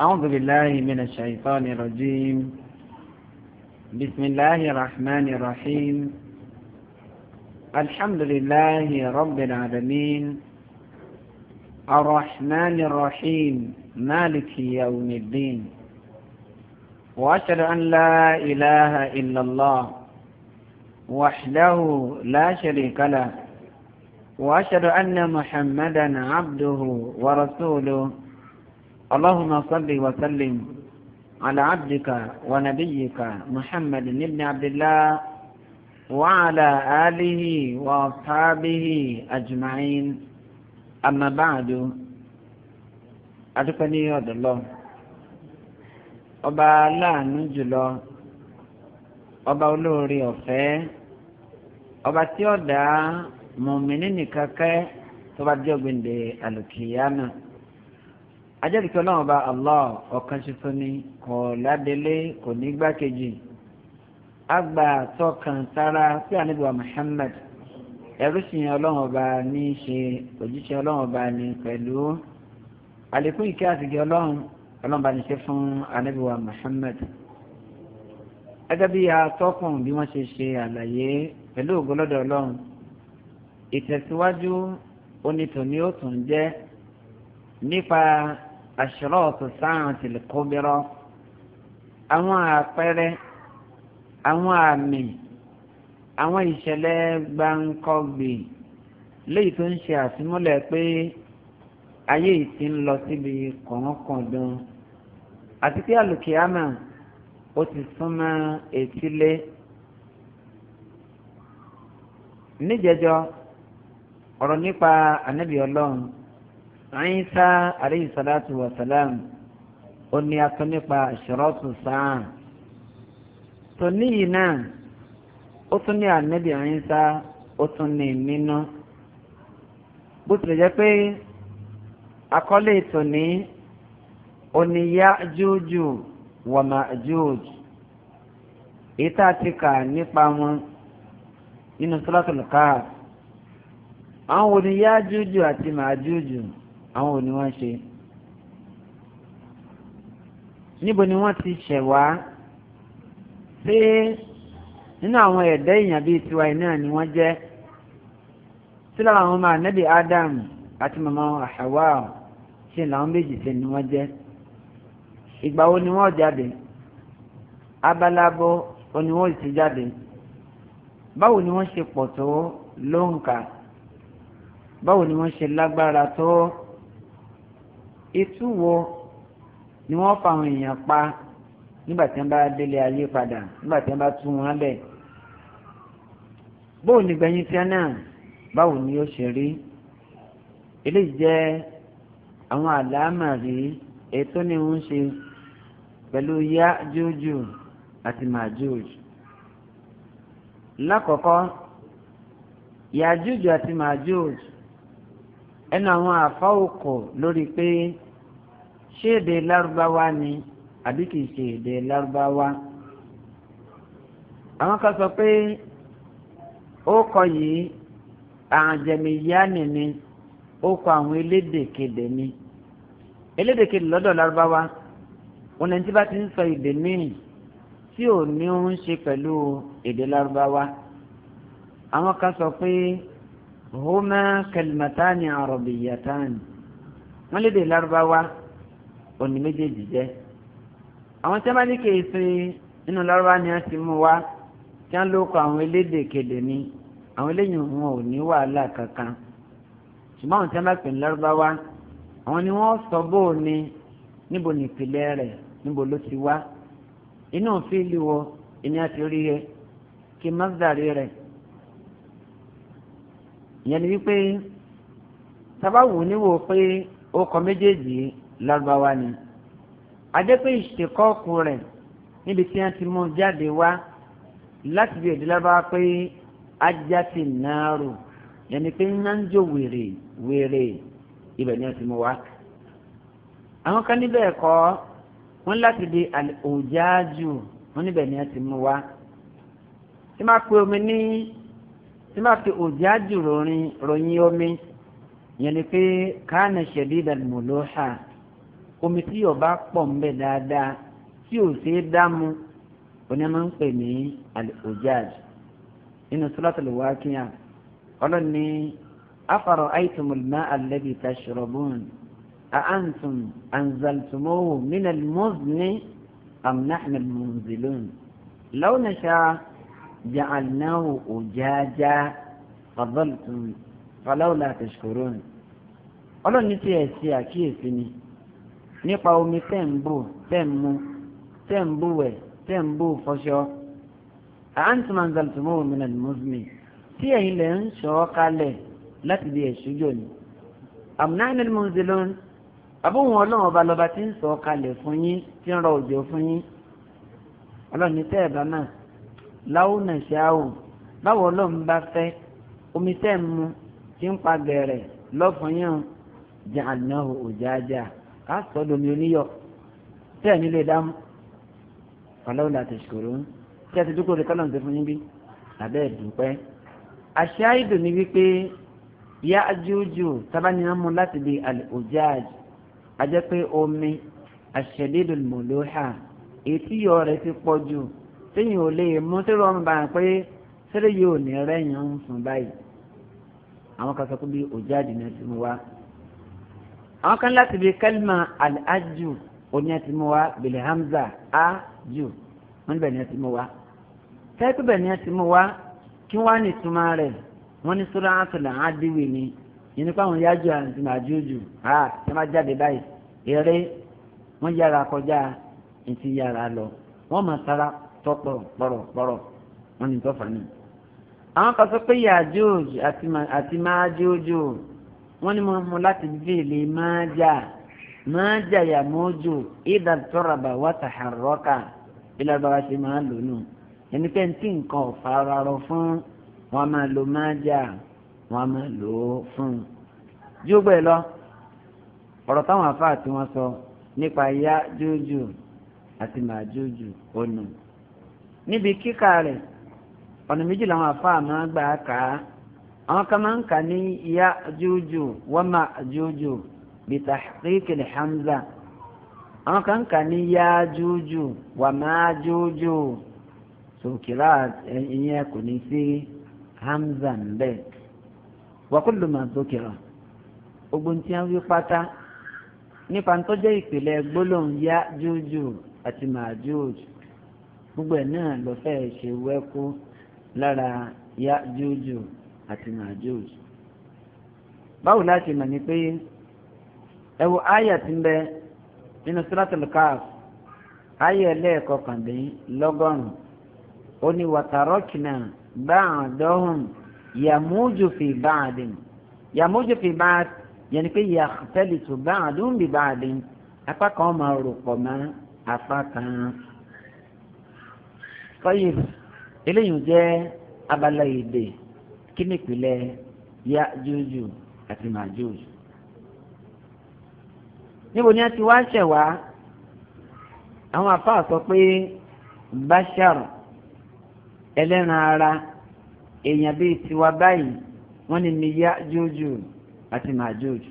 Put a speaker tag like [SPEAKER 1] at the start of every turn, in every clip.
[SPEAKER 1] أعوذ بالله من الشيطان الرجيم بسم الله الرحمن الرحيم الحمد لله رب العالمين الرحمن الرحيم مالك يوم الدين وأشهد أن لا إله إلا الله وحده لا شريك له وأشهد أن محمدا عبده ورسوله اللهم صل وسلم على عبدك ونبيك محمد بن عبد الله وعلى آله وأصحابه أجمعين أما بعد أتقني يد الله ọba aláàánú jùlọ ọba olóore ọ̀fẹ́ ọba tí ó dá mọ̀mí nínú kankan tó bá jẹ́ ògbìndè àlùkìyámà náà ajẹ́rìí ọlọ́run bá allah ọ̀kan ṣoṣo ni kò ládélé kò ní gbákejì àgbà tọkàn tara sí ànábì wa muhammad ẹrú sì yẹn ọlọ́run bá ní í ṣe òjíṣẹ́ ọlọ́run bá ní pẹ̀lú àlékún ìkẹ́ àtìgẹ́ ọlọ́run ọlọ́run bá ní ṣe fún ànábì wa muhammad gẹ́gẹ́ bí atọ́kùn bí wọ́n ṣe ṣe àlàyé pẹ̀lú ògbólọ́dọ̀ ọlọ́run ìtẹ̀síwájú onítọ̀ni ó tún jẹ́ nípa àṣírọ́ọ̀tù sáàǹtì kóbírọ́ àwọn àpẹẹrẹ àwọn àmì àwọn ìṣẹ̀lẹ̀ gbáǹkọ́gbì léyìí tó ń ṣe àfimúlẹ̀ pé ayé yìí ti ń lọ síbi kọ̀ọ̀kọ̀ọ̀dún àti pé àlùkìyàmà ó ti súnmọ́ etílé níjẹjọ ọ̀rọ̀ nípa ànábì àyínsá aleyhi salatu wa salam ó ní atọ́ nípa ṣòrọ́tù sáà tó níyì náà ó tún ní ànábì àyínsá ó tún ní nínú bó tilẹ̀ jẹ́ pé akọ́lé tòní ó ní Yájújù wa Májújù ìta ti kà nípa wọn nínú Suratul Kahf àwọn wo ni Yájújù àti Májújù àwọn òní wọ́n ṣe níbo ni wọ́n ti ṣẹ̀ wá ṣé nínú àwọn ẹ̀dá èèyàn bíi tiwa yìí náà ni wọ́n jẹ́ sí lára àwọn ọmọ ànábì Adam àti màmá Hawa ṣe làwọn méjì ṣe ni wọ́n jẹ́ ìgbà wo ni wọ́n jáde abalabo oní wọ́n ti jáde báwo ni wọ́n ṣe pọ̀ tó lóǹkà báwo ni wọ́n ṣe lágbára tó ètú wo ni wọ́n fa àwọn èèyàn pa nígbà tí wọ́n bá délé ayé padà nígbà tí wọ́n bá tú wọn lẹ̀ bóun ní gbẹ̀yìn tí wọ́n náà báwo ni ó ṣe rí eléyìí jẹ́ àwọn àlámà rí ètò ni wọ́n ṣe pẹ̀lú yá jújù àti màjújù lákọ̀ọ́kọ́ yá jújù àti màjújù ẹnu àwọn àfáwòkò lórí pé ṣé èdè lárúbáwá ni àbí kìí ṣe èdè lárúbáwá àwọn kan sọ pé ó kọ yìí àjẹmíyáni ni ó kọ àwọn elédèkedè ni elédèkedè lọ́dọ̀ lárúbáwá òun ẹni tí bá ti ń sọ èdè míì tí ò ní ó ń ṣe pẹ̀lú èdè lárúbáwá àwọn kan sọ pé huma kalimatani arabiyatani wọ́n lédè lárúbáwá òní méjèèjì jẹ́ àwọn tí wọ́n bá ní kéèsì nínú lọ́rọ́bá ni wọ́n ti mú wá tí wọ́n lóko àwọn elédè kéde ní àwọn eléyìí wọn ò ní wàhálà kankan ṣùgbọ́n àwọn tí wọ́n bá pè ní lọ́rọ́bá wá àwọn ni wọ́n sọ bóò ni níbo ni ìpìlẹ̀ rẹ̀ níbo ló ti wá inú fíìlì wo ìní àti orí rẹ̀ kí mọ́sàrí rẹ̀ ìyẹn ni wípé sábà wù níwò pé ó kọ méjèèjì yìí lárúbáwá ni adẹ́pẹ́ ìṣèkọ́kù rẹ̀ níbi tí wọ́n ti mú jáde wá láti bí èdè lárúbáwá pé ajá ti nàárò yẹn ni pé iná ń jó wèrè wèrè ibẹ̀ ni wọ́n ti mú wá. àwọn kan níbẹ̀ kọ́ wọ́n láti di òjáájú wọ́n níbẹ̀ ni wọ́n ti mú wá. tí máa pe omi ní tí máa fi òjáájú ròyìn omi yẹn ni pé káàna ṣẹ̀dí ìdàlùmọ̀ ló hà omi tí yóò bá pọ̀ ń bẹ̀ dáadáa tí ò ṣeé dámu oní máa ń pè ní al-ujaj nínú suratul Waqi'ah ọlọ́ni afara'aytumul ma'a alladhi tashrabun a'antum anzaltumuhu minal muzni am nahnul munzilun law nasha'u ja'alnahu ujaja fadhaltum falawla tashkurun tí ẹ̀ ṣe àkíyèsí ni nípa omi tẹ̀ ń bù tẹ̀ ń mu tẹ̀ ń bù wẹ̀ tẹ̀ ń bù fọṣọ. àǹtí máa òmìnira ní mùsùlùmí tí ẹ̀yin lè ń sọ ọ́ kalẹ̀ láti di ẹ̀ṣújò ni. àmúná ẹni mú un ṣe ló ń àbúwọn ọlọ́run ọba lọ́ba tí ń sọ ọ́ kalẹ̀ fún yín tí ń rọ òjò fún yín. ọlọ́run ní tẹ́ ẹ̀ bá náà láwù náà ṣe àwò báwo ọlọ́run bá fẹ́ omi tẹ́ mu tí ń pa gẹ̀rẹ̀ lọ́fun yín jàǹdà òjàjà á sọ domi oníyọ̀ tẹ́ ẹ̀ nílé dáhùn ọlọ́run láti ṣòro tí a ti dúpọ̀ lè kọ́nà fún yín bí abẹ́ ìdúpẹ́. àṣà ìdùn ni wípé yá ajújù tábániyàn mú láti di al ajẹ́ pé omi ash-shadidul ètí yọ rẹ̀ ti pọ̀ jù téèyàn ò lè mú tẹ́lẹ̀ wọn bá pé sẹ́lẹ̀ yóò ní rẹ́yìn ń fún báyìí àwọn kan sọ pé bí ujaj náà ti mú wá àwọn kan láti bí kálímà al-ajù oní ẹtì mú wa bìlẹ̀ hamza ajù wọn bẹ̀ ní ẹtì mú wa tẹ́kù bẹ̀ ní ẹtì kí wọ́n á ní túmọ̀ rẹ̀ wọ́n ní sọ́dọ̀ àtọ̀lẹ̀ àdìwì ni yìí nípa yájú àti màjújù ha ẹ má jáde báyìí eré wọ́n yára kọjá ètí yára lọ wọ́n máa tara tọ́ pọ̀rọ̀pọ̀rọ̀ wọ́n ní tọ́fà ni. àwọn kan sọ pé yàjújù àti màjújù wọ́n ní mo mú láti fèlè máa jà máa jà yà mọ́jú ìdá tọ́rọ̀bà wà tàhárọ́kà ìlàbàwà ṣe máa lò nù ẹni pé tí nǹkan ọ̀fararọ fún wọn máa lò máa jà wọn máa lò ó fún un. jógbó ẹ lọ ọ̀rọ̀ táwọn afáà tí wọ́n sọ nípa yá jójú àti màá jójú ọ̀nà níbi kíkà rẹ̀ ọ̀nà méjì làwọn afáà máa gbà á kàá àwọn kan máa ń kà ní ya'juju wa ma'juju bi tahqiqil hamza àwọn kan ń kà ní ya'juju wa ma'juju sòkìlá ìyẹn kò ní sí hamza ń bẹ wa kullu ma dhukira ogun tí wọn wí pátá nípa tó ìpìlẹ̀ gbólóhùn ya'juju àti ma'juj gbogbo ẹ̀ náà ló ṣe wẹ́kú lára ya'juju àti Majuj báwo láti mọ̀ ní pé ẹ wo àyà ti ń bẹ nínú Suratul Kahf àyà ẹlẹ́ẹ̀kọkàndínlọ́gọ́rùn-ún ó ní wàtàrọ́kìnà ba'dahum yàmójú fi ba'din yàmójú fi ba'd yẹn ni pé yakhtalitu ba'dun bi ba'din apá kan máa rò mọ́ apá kan. fọyín eléyìí jẹ́ abala èdè kí ni ìpìlẹ̀ Yájújù àti Májújù. níbo ni a ti wá ṣẹ̀ wá àwọn àfáà sọ pé bashar ẹlẹ́ran ara èèyàn bíi tiwa báyìí wọ́n ní ní Yájújù àti Májújù.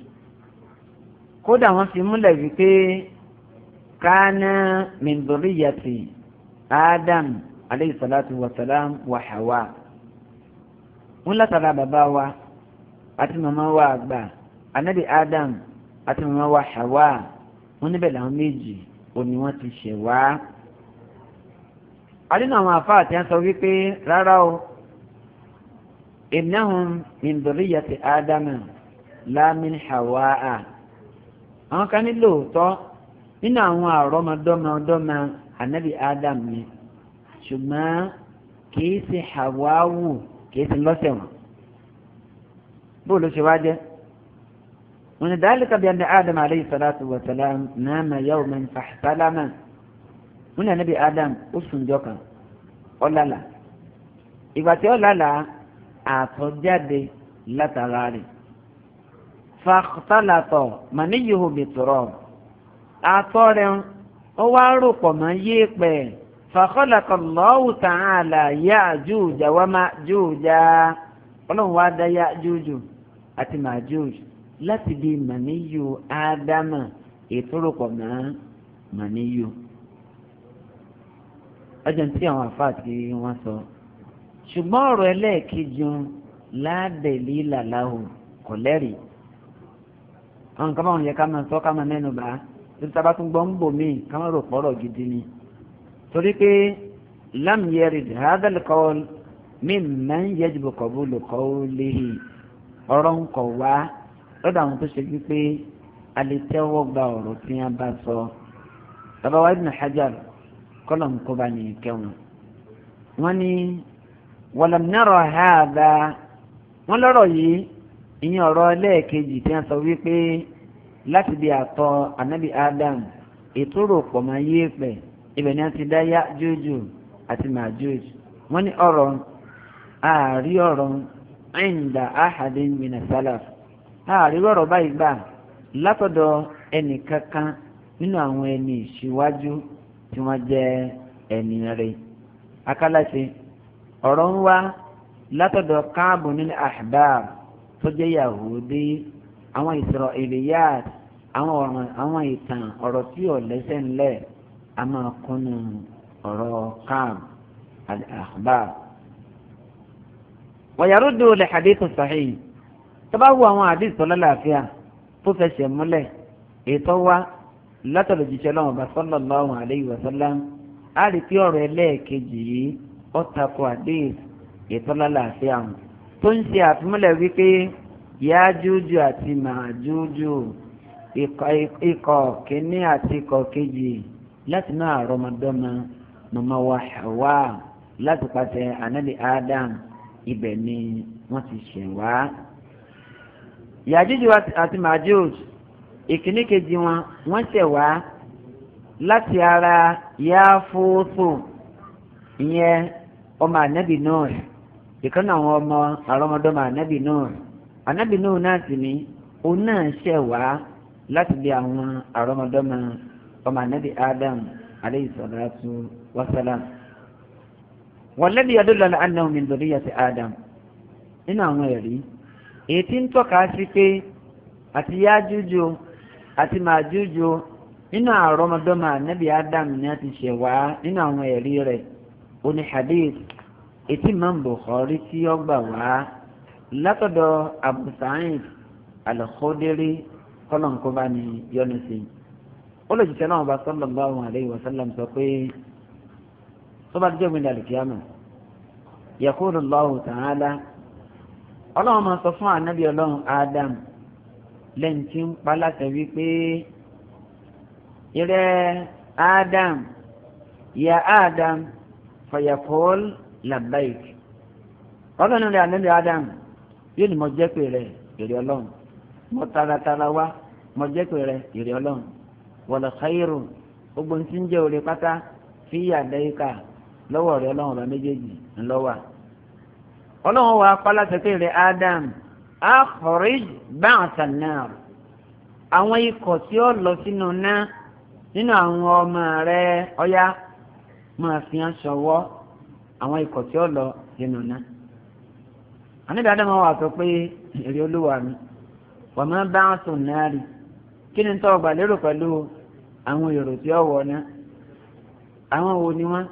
[SPEAKER 1] kódà wọ́n fi múlẹ̀ wípé kánà min dhurriyyati Adam aleyhi salatu wa salam wa Hawa wọn látara bàbá wa àti màmá wa àgbà anabi adam àti màmá wa hawa wọn níbẹ̀ làwọn méjì òní wọn ti ṣẹ̀ wá. àdínà àwọn àfa àti ẹn sọ wípé rárá o ìnáhùn mìndòríyàtì ádámà láàmìn hawa a àwọn kan ní lóòótọ́ nínú àwọn àrọ́mọdọ́mọ anabi adam ni ṣùgbọ́n kìí ṣe hawa wù kìí ti lọ́sẹ̀ wọn bó ló ṣe wá jẹ́ wọn ni dhalika bi anna adam aleyhi salatu wa salam nama yawman fahtalama wọn ni anabi adam ó sunjọ kan ọlala ìgbà tí ọlala àtọ̀jáde látara rẹ̀ fàtàlàtọ̀ màníyìí hùbìtúrọ̀ àtọ̀ rẹ̀ ó wá rò pọ̀ mọ́ yéèpẹ̀. فخلق الله تعالى يأجوج ومأجوج ọlọ́run wá dá Yájúj àti Májúj láti di màníyù ádámà ìtúrùpọ̀ mọ́ màníyù. ọjọ́ tí àwọn àfáà tí wọ́n sọ ṣùgbọ́n ọ̀rọ̀ ẹlẹ́ẹ̀kejì ládẹ̀lí làláhù kò lẹ́rìí. àwọn kan báwọn yẹ ká máa sọ ká máa mẹ́nu bá tó tábà tún gbọ́ ń bò míì ká máa rò pọ̀rọ̀ gidi ni torí pé lam yarid hadha al-qawl mimman yajibu qabulu qawlihi ọ̀rọ̀ ń kọ̀ wá lọ́dọ̀ àwọn tó ṣe wípé alitẹ́wọ́ gba ọ̀rọ̀ tí wọ́n bá sọ. bàbá wa ibn hajar kọ́lọ̀ ń kó ba ní kẹwọn. wọ́n ní walam nara hadha wọ́n lọ́rọ̀ yìí ìyẹn ọ̀rọ̀ lẹ́ẹ̀kejì tí wọ́n sọ wípé láti di àtọ̀ anabi adam ètò rò pọ̀ máa yé pẹ̀ ibẹ̀ ni a ti dá Yájújù àti Májújù wọ́n ní ọ̀rọ̀ ààrí ọ̀rọ̀ ẹ̀ǹdà àhàdé min as-salaf ààrí ọ̀rọ̀ báyìí gbà látọ̀dọ̀ ẹnì kankan nínú àwọn ẹni ìṣíwájú tí wọ́n jẹ́ ẹni rẹ̀ akálàṣe ọ̀rọ̀ ń wá látọ̀dọ̀ káàbù nílẹ̀ ahbab tó jẹ́ yahudi àwọn Israiliyat àwọn ìtàn ọ̀rọ̀ tí ò lẹ́sẹ̀ ńlẹ̀ a máa kọ́nu ọ̀rọ̀ káàm al-akhbar. wàyàrá dò lè hadith sahih tó bá wo àwọn hadith tó lálàáfíà tó fẹsẹ̀ múlẹ̀ ètò wa látọ̀lọ̀ jíṣẹ́ lọ́wọ́ bá sallallahu alayhi wa sallam á rí pé ọ̀rọ̀ ẹlẹ́ẹ̀kejì yìí ó takò hadith ètò lálàáfíà tó ń ṣe àfimúlẹ̀ wípé yájújú àti màjújú ikọ̀ kínní àti ikọ̀ kejì láti náà rọmọdọ́mọ màmá wa Hawa láti pàṣẹ ànábì Adam ibẹ̀ ni wọ́n ti ṣẹ̀ wá. Yàjújù àti Màjúj ìkíní kejì wọn wọ́n ṣẹ̀ wá láti ara Yáfóso ìyẹn ọmọ ànábì náà ìkan náà àwọn ọmọ àrọmọdọ́mọ ànábì náà ànábì náà náà sì ni òun náà ṣẹ̀ wá láti bí àwọn àrọmọdọ́mọ ọmọ anabi adam aleyhi salatu wa salam wọlẹ́bi adúlọ ní anahu min duriyati adam nínú àwọn ẹ̀rí èyí tí ń tọ́ka sí pé àti yájújú àti màjújú nínú àrọ́mọdọ́mọ anabi adam ni a ti ṣe wá nínú àwọn ẹ̀rí rẹ̀ oní hadith ètí imam bukhari tí ó gbà wá látọ̀dọ̀ abu sa'id al-khudri kọ́lọ̀ǹkọ́bá ni yọ́nù sí i ó lè ṣiṣẹ́ náà bá sallallahu alayhi wa sallam sọ pé tó bá jẹ́ ìwéǹda àlùkìyàmù yaqulu Allahu ta'ala ọlọ́run máa sọ fún ànábì ọlọ́run Adam lẹ́yìn tí ń pa láti wí pé ìrẹ́ Adam ya Adam fayaqul labbaik ọlọ́run rẹ̀ ànábì Adam yóò ní mo jẹ́ pé rẹ̀ èrè ọlọ́run mo taratara wá mo jẹ́ pé rẹ̀ èrè ọlọ́run wọlé xayiru gbogbo ń sin jẹ́ òde pátá fi àdáyíká lọ́wọ́ rẹ ọlọ́run ọba méjèèjì ńlọ́wà. ọlọ́run wa kọ́lá tètè rẹ Adam akhrij ba'sa an-nar àwọn ikọ̀ tí ó lọ sínú ná nínú àwọn ọmọ rẹ ọyá máa fi hàn ṣọwọ́ àwọn ikọ̀ tí ó lọ sínú ná. àníbi Ádámù wa sọ pé èrè olúwa mi wà máa ba'sa an-nar kí ni tó gbà lérò pẹ̀lú àwọn èrò tí ọwọ́ ná àwọn wo ni wọ́n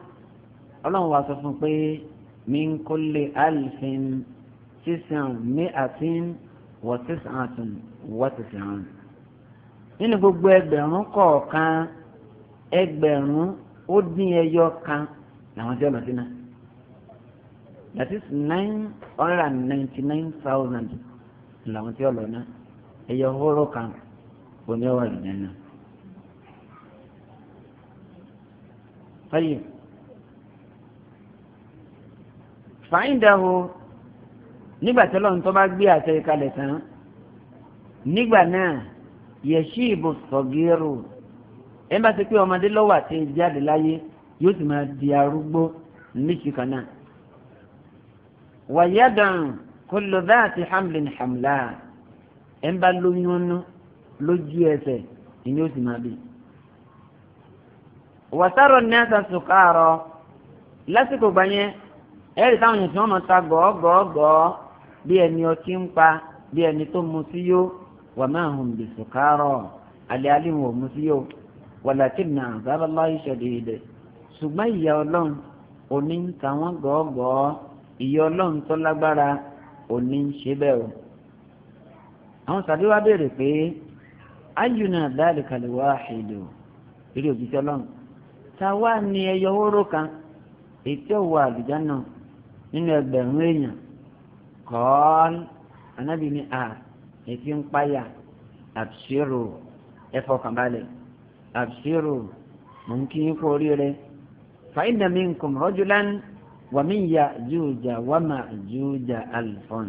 [SPEAKER 1] ọlọ́run wa sọ fún pé min kulli alfin sísan mi àtin wọ́n sísan gbogbo ẹgbẹ̀rún kọ̀ọ̀kan ẹgbẹ̀rún ó dín ẹyọ kan làwọn tí that is nine hundred and ninety nine thousand làwọn tí ó náà طيب fàáyìndàwó nígbà tí ọlọ́run tó bá gbé àtẹ̀yẹ kalẹ̀ tán nígbà náà yẹ̀sí ìbò sọ̀gẹ́rù ẹ bá ti pé ọmọdé lọ́wọ́ àti jáde láyé yóò ti máa di arúgbó níṣì kan náà. wàyádàn kullu dhati hamlin hamla ẹ bá lóyún ọ́nú lójú ẹsẹ̀ ìyẹn ó sì máa bíi wàsárọ̀ ní ẹ̀sà sùkárọ̀ lásìkò gbanyẹ ẹ̀rì táwọn èèyàn tí wọ́n mọ̀ ta gọ́ọ́gọ́ọ́gọ́ bí ẹni ọtí ń pa bí ẹni tó mu sí yó wà máa hùn bí sùkárọ̀ alẹ́ alẹ́ wọn ò mu sí yó wàlàkì nà sábàlá ìṣẹ̀dẹ̀ẹ̀dẹ̀ ṣùgbọ́n ìyá ọlọ́run òní ń ta ìyá ọlọ́run tó lágbára òní ń ṣe bẹ́ẹ̀ o. àwọn sàdéwà béèrè pé ayùnà dáàlì kàlẹ́ wá àìlè o eré òjijì ọlọ́run táwa ni ẹyọ oró kan ètò òwò àlùjáná nínú ẹgbẹ̀rún èèyàn kọ́ọ́n anábì ní a èfi ń páyà àbṣírò ẹfọkànbalẹ̀ àbṣírò mò ń kí n kú oríire fàyínà mi ń kùn rọ́júlán wàmí ya júùjà wàmà júùjà àlùfọ́n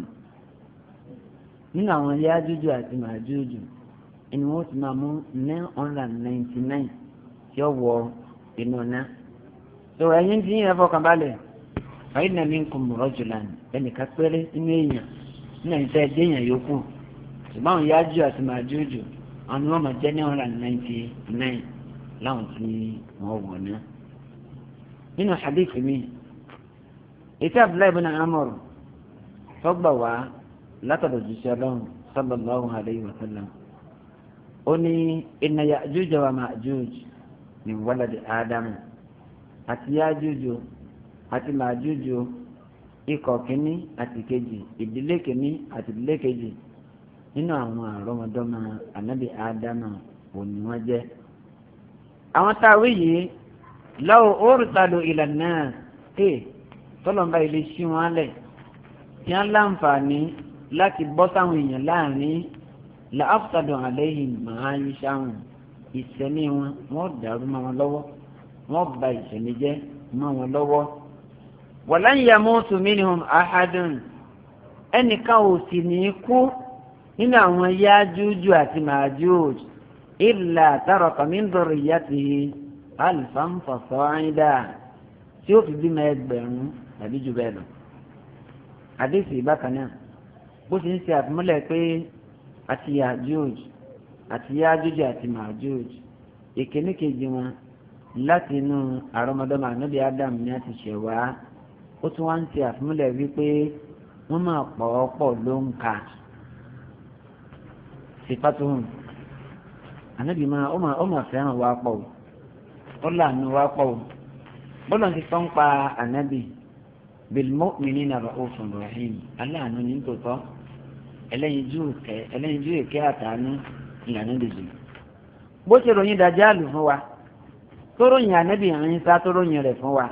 [SPEAKER 1] nínú àwọn yá jújù àti màá jújù ẹni wọ́n ti máa mú nine hundred and ninety nine tí ó inú ná so ẹ̀yin tí yín ẹfọkàn balẹ̀ fàyín náà mi ń kun mọ̀rọ̀ jùlọ ẹnìkan péré nínú èèyàn nínú ẹ̀yin tẹ́ ẹ dé èèyàn yòókù ṣùgbọ́n àwọn yájú àti màjújù àwọn ni wọ́n máa jẹ́ ní ọ̀rà ninety nine láwọn tí wọ́n wọ̀ ná. nínú hadith mi ètò abdullahi bin amr tọgbà wá látọ̀dọ̀ jíṣẹ́ ọlọ́run sallallahu alayhi wa sallam ó ní inna ya'juj wa ma'juj min waladi ádámù àti yájújú àti màjújú ikọ̀ kínní àti kejì ìdílé kínní àti ìdílé kejì nínú àwọn àrọ́mọdọ́mọ ànábì ádámù òní wọ́n jẹ́. àwọn táwí yìí lọ́wọ́ oorùtàlù ìlànà tè eh, tọ́lọ́mbà ilé sí wọn lẹ̀ tí wọ́n láǹfààní láti bọ́ sáwọn èèyàn láàrin làáfùtàdùn àlẹ́yìn màá yí sáwọn ìsẹ̀mí wọn wọ́n dàrú mọ́ wọn lọ́wọ́ wọ́n bà ìsẹ̀mí jẹ́ mọ́ wọn lọ́wọ́. walan yamutu minhum ahadun ẹnìkan ò sì ní í kú nínú àwọn yájújú àti màjúj illa taraka min dhurriyyatihi alfan fasa'ida tí ó fi bímọ ẹgbẹ̀rún tàbí jù bẹ́ẹ̀ lọ. àdéhùn ìbákan bó ti ń ṣe àtúmọ̀lẹ̀ pé àti yájúj àti yájújì àti màjújì ìkíní kejì wọn láti inú ànábì Adam ni a ti ṣẹ̀ wá ó tún wá ń ti àfimúlẹ̀ wípé wọ́n máa pọ̀ ọ́ ló ń kà sípàtúhùn ànábì máa ó máa fẹ́ràn wá pọ̀ ó lànà wá pọ̀ bọ́lá ti pa ànábì ìyànà lèyí bó ṣe ròyìn dàjálù fún wa tó ròyìn ànábì ìrìn sá tó ròyìn rẹ̀ fún wa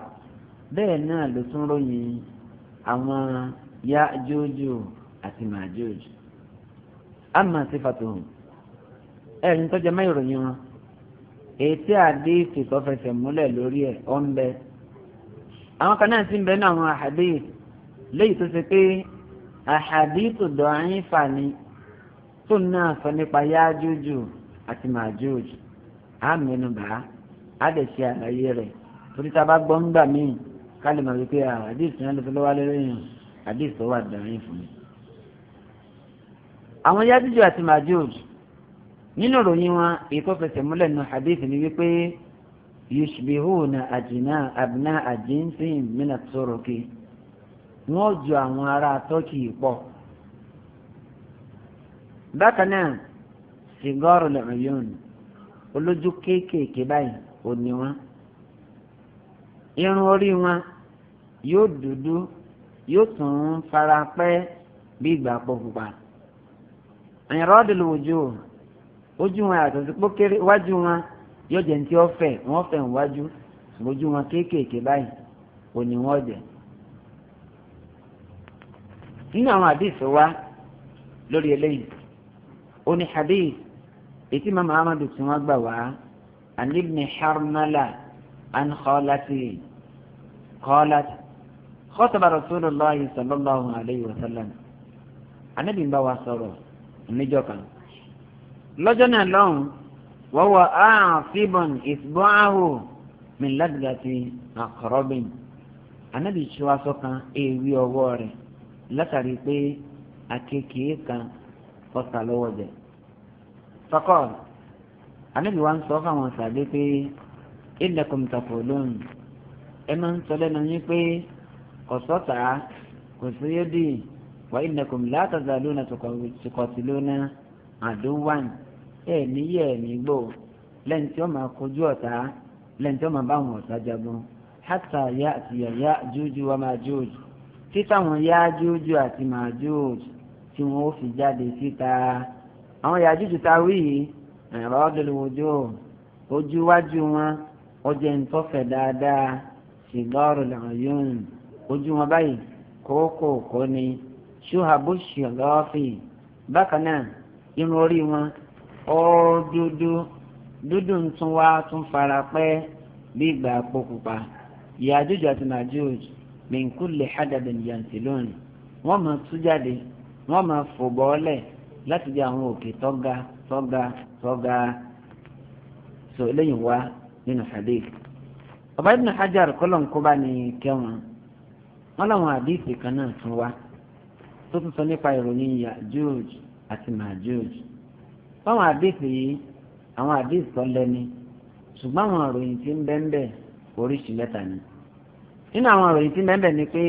[SPEAKER 1] bẹ́ẹ̀ náà ló tún ròyìn àwọn Yájújù àti Májújù àmà sífàtòhùn ẹ̀rín tó jẹ́ mẹ́rin ròyìn wọn ètí àdéhìsì tó fẹsẹ̀ múlẹ̀ lórí ẹ̀ ọ́ ń bẹ àwọn kan náà sì ń bẹ ní àwọn àhàdéhìsì léyìí tó ṣe pé àhàdéhìsì dọ̀ àyínfà ni. tó náà sọ nípa yájújù àti màjújù á mẹ́nubà á dẹ̀ ṣe àlàyé rẹ torí tá a bá gbọ́ ń gbà míì ká lè mọ̀ wípé àdìsí náà ló lọ́wọ́ lórí yìí àdìsí tó wà dáhìn fún mi. àwọn àti nínú ìròyìn wọn èyí ni wípé bákan náà sìgọ́rù lẹ́yìn olójú kéékèèké báyìí ò ní wọn irun orí wọn yóò dúdú yóò tún fara pẹ́ bí ìgbà pọ̀ pupa ìrọ́dìlú ojú ojú wọn yàtọ̀ sí pókéré wájú wọn yóò jẹ́ ti ọ̀fẹ́ wọn fẹ̀ wájú ojú wọn kéékèèké báyìí ò ní wọn jẹ nínú àwọn àdìsí wa lórí eléyìí oní hadith ètí mama amadu tí wọ́n gbà wá an ibn harmala an khalati qalat khataba rasulullah sallallahu alayhi wa sallam anabi ń bá wa sọ̀rọ̀ níjọ́ kan lọ́jọ́ náà lọ́hùn wa huwa aasibun isbu'ahu min ladghati aqrabin anabi tí wa sọ èèwì ọwọ́ rẹ̀ látàrí pé akékèé kan ọ̀sà lọ́wọ́ jẹ́ fakọ́l anábì wa ń sọ fáwọn sàbí pé ìlẹ̀kùn tàkù lóhùn ẹ máa ń sọ lẹ́nu yín pé kò sọ́tà kò sí yódì wà ìlẹ̀kùn látàzà lónà tùkọ̀tì lónà àdúwàn ẹ̀ níyẹ̀ nígbò lẹ́yìn tí ó máa kojú ọ̀tá lẹ́yìn tí ó máa bá wọn ọ̀tá jagun hátà yá àti yàyá jújú wa máa jújú títà wọn yá jújú àti máa jújú tí wọn ó fi jáde síta. Si àwọn yàjújù ta wí yìí ẹ̀rọ ọ̀dọ̀lùwòjò ojú wájú wọn ó jẹ́ ntọ́fẹ̀ dáadáa ṣìgọ́rù làyún ojú wọn báyìí kókó kó ni ṣùhàbù ṣìlọ́ọ̀fì bákan náà irun orí wọn ó dúdú dúdú tún wá tún fara pẹ́ bí ìgbà pupa yàjújù àti màjújù min kulli hadabin yansilun wọ́n máa tú jáde wọ́n máa fò bọ́ọ̀lẹ̀ láti bí àwọn òkè tọ́gà tọ́gà tọ́gà so eléyìí wá nínú hadith ọba ibn hajar kọlọ̀ nkóbá ni kẹwọn wọn làwọn àdìsí kan náà tún wá tó tún sọ nípa ìròyìn George àti George. fáwọn àdìsí yìí àwọn àdìsí tó lẹ́ni ṣùgbọ́n àwọn ìròyìn tí ń bẹ́ẹ̀nbẹ́ẹ̀ bẹ́ẹ̀ oríṣi mẹ́ta ni nínú àwọn ìròyìn tí ń bẹ́ẹ̀ ni pé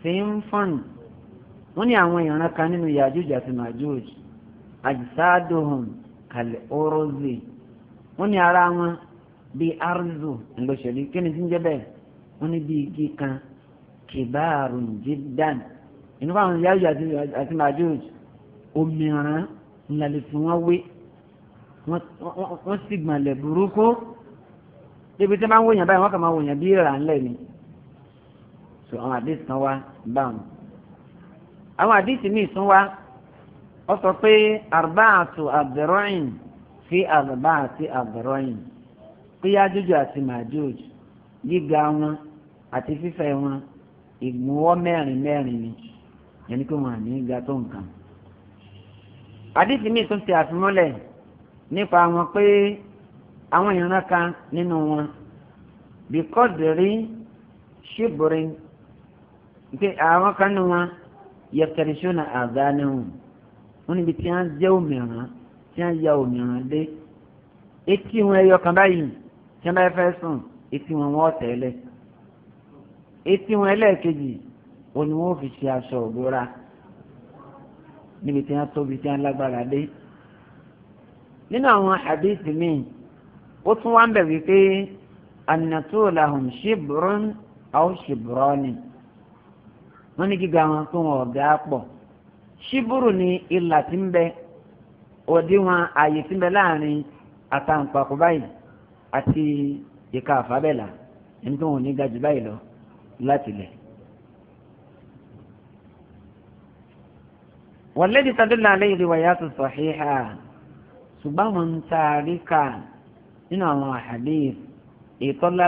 [SPEAKER 1] fi ń fọ́nù. wọ́n ní àwọn ìran kan nínú Yàjúj àti Màjúj àjùsáàdùhùn kàlẹ̀ ọ̀rọ̀zì wọ́n ní ara wọn bíi arzu ńlọṣẹ̀lì kí ni ti ń jẹ́ bẹ́ẹ̀ wọ́n ní bíi igi kan kìbáàrùn jìdán inú fáwọn Yàjúj àti Màjúj òmìrán ńlalẹ̀ tí wọ́n wé wọ́n sì gbọ̀nlẹ̀ burúkú ibi tí wọ́n máa ń wòyàn báyìí wọ́n kàn máa wòyàn bí ìrà ni so àwọn àdéhùn kan wá báwọn àwọn àdìsí mi sún wa ó sọ pé arbaatu abdurrahim fi arbaati abdurrahim pé yájújù àti màjújù gíga wọn àti fífẹ̀ wọn ìgbìmọ̀wọ́ mẹ́rin mẹ́rin ni yẹn kí wọn àní ga tó nǹkan. àdìsí mi tún ti àfimúlẹ̀ nípa wọn pé àwọn ìran kan nínú wọn bíkọ́dìrí ṣíbùrín pé àwọn kan nínú wọn yẹtẹrìṣọ́nà àdánìhùn wọn níbi tí wọ́n jẹ́ òmìrán tí wọ́n ya òmìrán dé etí wọn ẹyọ kan báyìí tí wọ́n bá fẹ́ sùn etí wọn wọ́n tẹ̀lé etí wọn ẹlẹ́ẹ̀kejì wọn ni wọ́n fi ṣe aṣọ òbúra níbi tí wọ́n tóbi tí wọ́n lágbára dé nínú àwọn àdéhìsì míì ó tún wá ń bẹ̀ wípé ànàtúwò làhùn ṣíbrún àwọn ṣíbrọ́ọ̀nì wọ́n ní gíga wọn tó wọn ọ̀gá pọ̀ ṣíbùrù ni ìlà tí ń bẹ òdiwọ̀n ààyè tí ń bẹ láàrin àtàǹpàkò báyìí àti ìka àfábẹ́là ẹni tó wọn ò ní ga jù báyìí lọ láti lẹ̀. wàlẹ́dì tàdúlà alẹ́ ìrìwà yàtọ̀ sọ̀híhà ṣùgbọ́n àwọn ń taari ká nínú àwọn àhàdí ìtọ́lá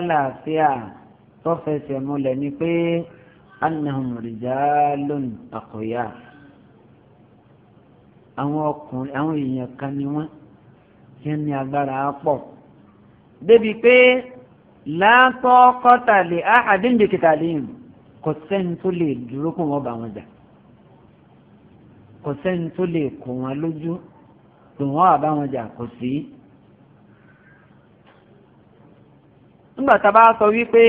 [SPEAKER 1] tó fẹsẹ̀ múlẹ̀ ni pé annahum rijalun aqoya àwọn ọkùnrin àwọn èèyàn kan ni wọ́n tí wọ́n ní agbára pọ̀ débi pé láàtọ̀ kọ́tàlẹ̀ àdéǹdèkìtàlẹ́yìn kò sẹ́ni tó lè dúró kó wọ́n bá wọn jà kò sẹ́ni tó lè kó wọn lójú tó wọ́n àbá wọn jà kò sí. nígbà tá a bá sọ wípé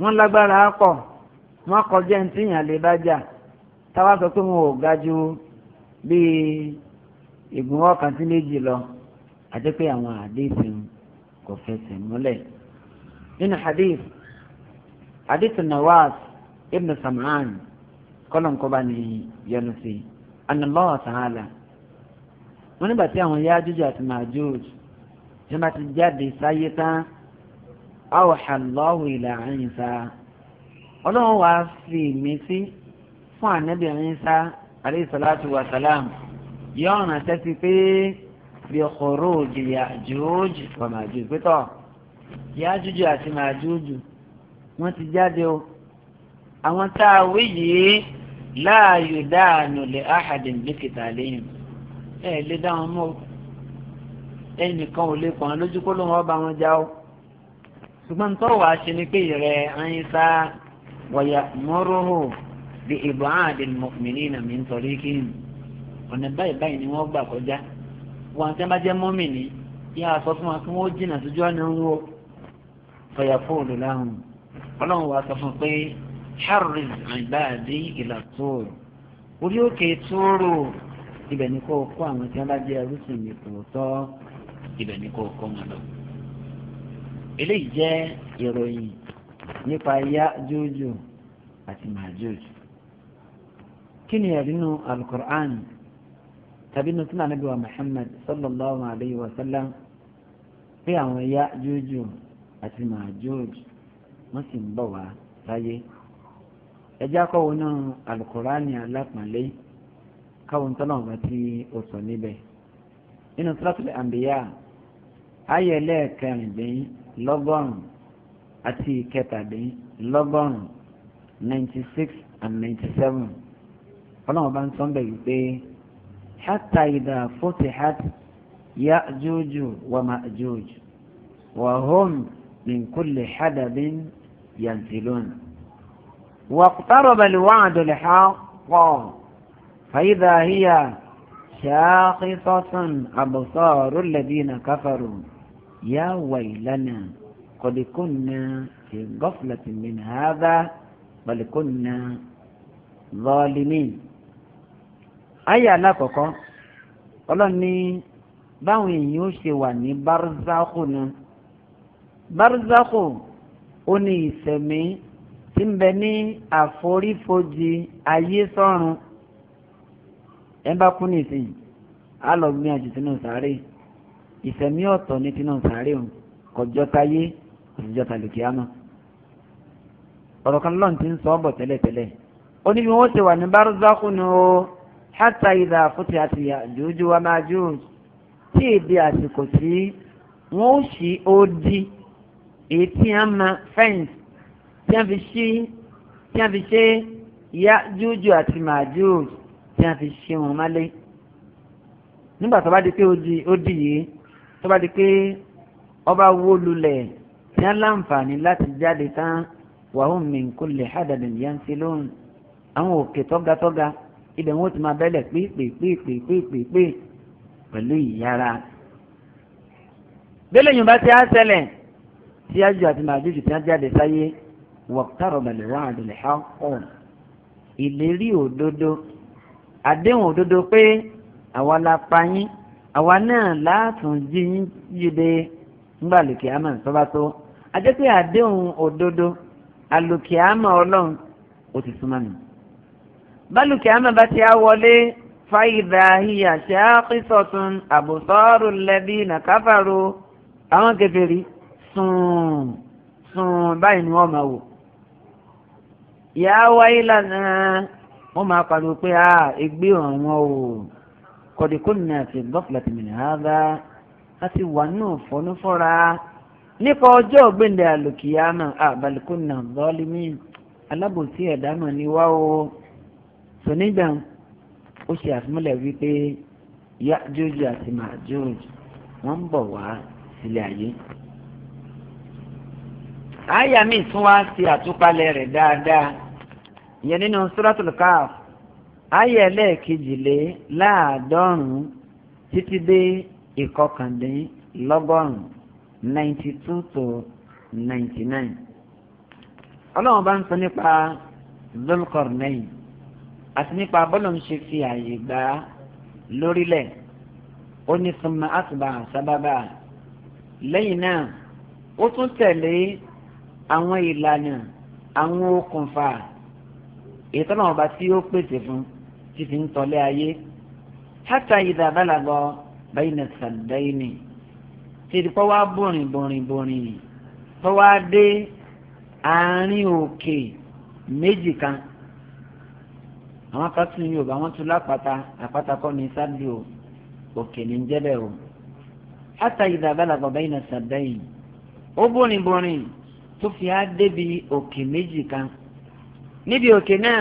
[SPEAKER 1] wọ́n lágbára pọ̀ wọ́n kọjá ní tíyàn lè bá jà táwa sọ pé wọn ò ga ju bíi ìgbìmọ̀ kan sí méjì lọ àti pé àwọn àdéhùn kò fẹsẹ̀ múlẹ̀ nínú hadith hadith Nawas ibn Sam'an kọ́lọ̀nkọ́ba ni yẹnu sí anamọ́wà sàhálà wọn nígbà tí àwọn Yájújù àti Májújù tí wọn ti jáde sáyé tán awha Allahu ila Isa ọlọ́run wàá fi mí sí fún ànábì Ìsá alayhi salatu wa salam yóò ránṣẹ́ sí pé bí khuruj Ya'juj wa Ma'juj pétọ́ Ya'juj àti Ma'juj wọ́n ti jáde o àwọn tá a wí yìí láàyò dáàánú lè áhàdìn bíkìtà lẹ́yìn ẹ lè dá wọn mọ́ ẹnìkan ò lè pọ̀ wọn lójú kó ló wọn bá wọn já o ṣùgbọ́n tó wàá ṣe ni pé ìrẹ̀ Ìsá. ويأمره بإبعاد المؤمنين من طريقهم ọ̀nà báyìí báyìí ni wọ́n gbà kọjá wọn àti ẹnbá jẹ́ mọ́mìnì yá sọ fún wa kí wọ́n jìnnà sójú ọ̀nà ń wo fọyà fóònù láhùn ọlọ́run wa sọ fún pé harris àgbáàdì ìlà tóòrò orí òkè tóòrò ibẹ̀ ni kò kó àwọn tí wọ́n bá jẹ́ arúsìn ní tòótọ́ ibẹ̀ ni kò kó wọn lọ. eléyìí jẹ́ ìròyìn nípa Yájújù àti Májújù kí ni ẹ̀rínú alukur'an tàbí nùtúnà nàbí wa Muhammad sallallahu alayhi wa sallam pé àwọn Yájújù àti Májújù wọ́n sì ń bọ̀ wá láyé ẹjẹ́ akọ́wọ́ náà alukur'an alápàlẹ́ káwọn tọ́lọ̀ wọn ti sọ níbẹ̀ nínú Suratul Anbiya ayẹlẹ́ kẹrìndínlọ́gọ́rùn-ún. àti kẹta ìkẹtàdínlọ́gọ́rùn ninety six and ninety seven ọlọ́run bá ń sọ bẹ́ẹ̀ wípé hatta idha futihat ya'juj wa ma'juj wa hum min kulli hadabin yansilun. واقترب الوعد الحق فإذا hiya شاخصة أبصار الذين kafaru ya ويلنا قد كنا في غفلة من هذا بل كنا ظالمين أي alákọ̀ọ́kọ́ ọlọ́ni báwọn èèyàn ó ṣe wà ní barzakhu náà barzakhu ó ní ìsẹ̀mí tí ń bẹ ní àforífojì ayé sọ́run ẹ bá kú nìsín á lọ gbìyànjú sínú sàárè ìsẹ̀mí ọ̀tọ̀ ní sínú sàárè kọjọ́ táyé àtijọ́ tàbí kíámà ọ̀rọ̀ kan lọ́n ti ń sọ ọ́ bọ̀ tẹ́lẹ̀tẹ́lẹ̀ ó ní bí wọ́n ti wà ní bárúzákù ni ó hátà ìdá àfútì àti àjòjú wa máa jù tí èdè àsìkò tí wọ́n ó ṣí ó di èyí tí a máa fẹ́ǹsì tí a fi ṣí tí a fi ṣe ya jújù àti màá jù tí a fi ṣe wọn málé nígbà tó bá di pé ó di yìí tó bá di pé ọba wó lulẹ̀ tí a láǹfààní láti jáde tán wàhùn min kulli hadadin yansilun àwọn òkè tọ́gatọ́ga ibẹ̀ wọ́n ti máa bẹ́lẹ̀ pípèpípèpípè pẹ̀lú ìyára. bẹ́lẹ̀ yorùbá ti á ṣẹlẹ̀ tí ájú àti màjújù tí wọ́n jáde sáyé waqtaraba al-wa'd al-haqq ìlérí òdodo àdéhùn òdodo pé àwa la pa yín àwa náà látún jí yín yíde ńgbàlùkì àmọ́ ìsọ́bátó àjẹpẹ́ àdéhùn òdodo àlùkìámà ọlọ́run ó ti súnmọ́ mi. bálùkìámà bá ti á wọlé fáyidà híyà ṣáàkìsọ̀tún àbùsọ́ọ̀rù lẹ́bí nàkàfàrò àwọn kèfèrí sùn sùn báyìí ni wọ́n máa wò. ìyá wáyé lánàá wọ́n máa pariwo pé a ègbé ọ̀run o kọ̀dìkúnnà àti gbọ́fìlà tìmìnira bá a ti wà nù fọ́nú fọ́ra. nípa ọjọ́ ògbéǹde àlùkìyàmà àbàlùkùnà zọ́ọ́límì alábòsí ẹ̀dá mà ní wá o sọ̀nígbà ó ṣe àfimúlẹ̀ wípé Yájújù àti Májújù wọ́n ń bọ̀ wá sílẹ̀ ayé. àyà mi tún wá sí àtúpalẹ̀ rẹ̀ dáadáa ìyẹn nínú Suratul àyà ẹlẹ́ẹ̀kejìlé láàádọ́rùn-ún títí dé ìkọkàndínlọ́gọ́rùn 92 two to ninety nine ọlọ́run bá ń sọ nípa Dhul-Qarnayn àti nípa bọ́lọ̀n ṣe fi àyè gbà á lórílẹ̀ ó ní summa atba sábàbà lẹ́yìn náà ó tún tẹ̀lé àwọn ìlànà àwọn okùnfà ìtọ́nà ọba tí ó pèsè fún títí ń tọ́lé ayé hatta idha balagha bayna saddaini títí pọ́ wá bòrìn bòrìn bòrìn pọ́ wá dé àárín òkè méjì kan àwọn akásùn yìí ò bá wọn tún lápáta àpáta kọ́ ní sábì ò òkè ní jẹ́bẹ̀ o ata ìdá abálàgbà bẹ́yìn náà sàbẹ́yìn ó bòrìn bòrìn tó fi á débi òkè méjì kan níbi òkè náà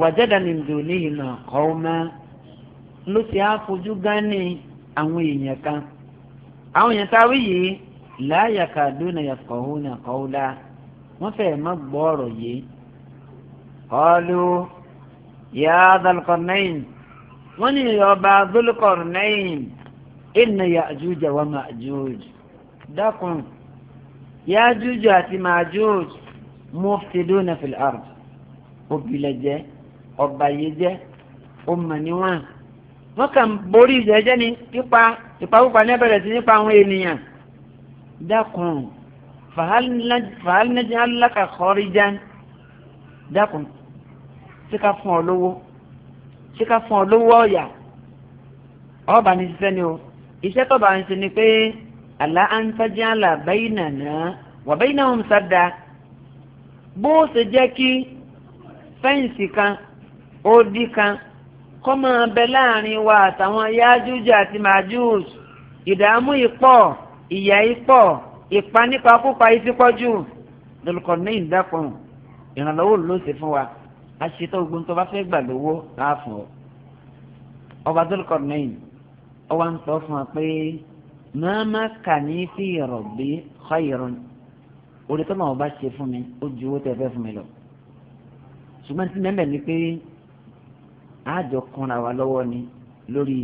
[SPEAKER 1] wàjẹ́dà ní ìdòlẹ́yìn kọ́ ọ́ mọ́ ló ti á fojú gánni àwọn èèyàn kan àwọn èèyàn táwí yìí láàyà kàdúnà yàtọ̀húnà kọ́ọ́lá wọ́n fẹ́ má gbọ́ ọ̀rọ̀ yìí. kọ́ọ́lù yà dàlùkọ̀nẹ́yìn wọ́n ní ọba dàlùkọ̀nẹ́yìn ìnà yàjújà wà màjúj dákun yàjújà àti màjúj mufsiduna fil ard òbílẹ̀ jẹ́ ọ̀bàyé jẹ́ ọmọ níwọ̀n wọ́n kàn borí ìjẹ́jẹ́ ni pípa ìpakúpa ní ẹ̀bẹ̀rẹ̀ sí nípa àwọn ènìyàn dákun fàálínàjì aláka kọ́ríjà dákun ṣé ká fún ọ lówó ṣé ká fún ọ lówó ọ̀yà ọba ní sísẹ́ ni o iṣẹ́ tó bá ń ṣe ni pé àlá àǹtajà là bẹ́yìn nàná wà bẹ́yìn náà ń sáda bó ṣe jẹ́ kí fẹ́ǹsì kan ó dí kan kọ́ máa bẹ láàrin wa àtàwọn yájújù àti màjúùs ìdààmú ìpọ̀ ìyà ìpọ̀ ìpanípakúpa ìtìpọ̀jù lọ́lùkọ́ ní ìdákan ìrànlọ́wọ́ ló ṣe fún wa a ṣe tó gbogbo tó bá fẹ́ gbà lówó láàfọ̀ ọba dọ́lùkọ́ ní ọwọ́ ń sọ fún wa pé màmá kà ní fi rabbi khayrun orí tó náà ọba ṣe fún mi ó ju owó tẹ fẹ́ fún mi lọ ṣùgbọ́n tí mẹ́mẹ́ ni pé àjọ kanra wa lọ́wọ́ ni lórí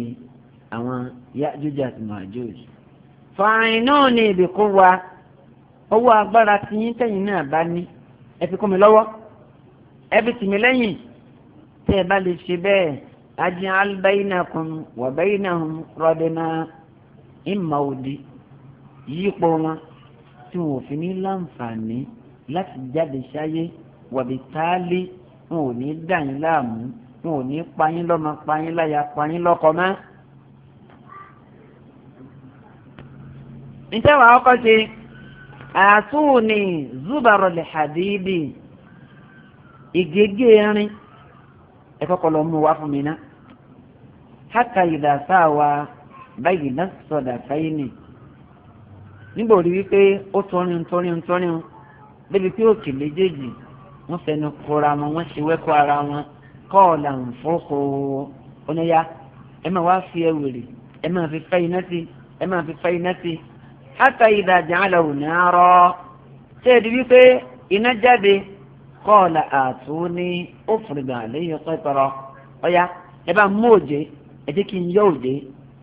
[SPEAKER 1] àwọn Yájúj àti Májúj. fàáyìn náà ni ìbìkú wa owó agbára ti yín tẹ̀yìn náà bá ní ẹ fi kún mi lọ́wọ́ ẹ fi tì mí lẹ́yìn tẹ́ ẹ bá lè ṣe bẹ́ẹ̀ aj'al bainakum wa bainahum radna ìmọ̀ òdì yípo wọn tí wọn ò fi ní láǹfààní láti jáde sáyé wàbí táálí wọn ò ní dà yín láàmú wọn ò ní payín lọ́mọ payín láya payín lọ́kọ mọ́. níta wàá kọ́ ṣe àtúnwòní zubarọ̀ lè hadiidi ìgégé erin ẹ kọ́kọ́ lọ mú wá fún mi ná. haka ìdásá wa báyìí náà sọ̀dà fáyín ni nígbà òrí wípé ó tọrin tọrin tọrin débi pé òkè méjèèjì wọ́n fẹnu kóra wọn wọ́n ṣe wẹ́kọ̀ ara wọn kọ́ọ̀là nfọ́kọ́ oníyá ẹ máa wá fi ẹwìrì ẹ máa fi fẹ́ iná sí ẹ máa fi fẹ́ iná sí hátà ìdàjà àlàwò ní arọ́ ṣé ẹ̀dí wípé iná jáde kọ́ọ̀là àtú ní òfurufú àléyìn pẹ́tọ́rọ́ ọ̀yá ẹ bá mú òjé ẹ jẹ́ kí n yọ òjé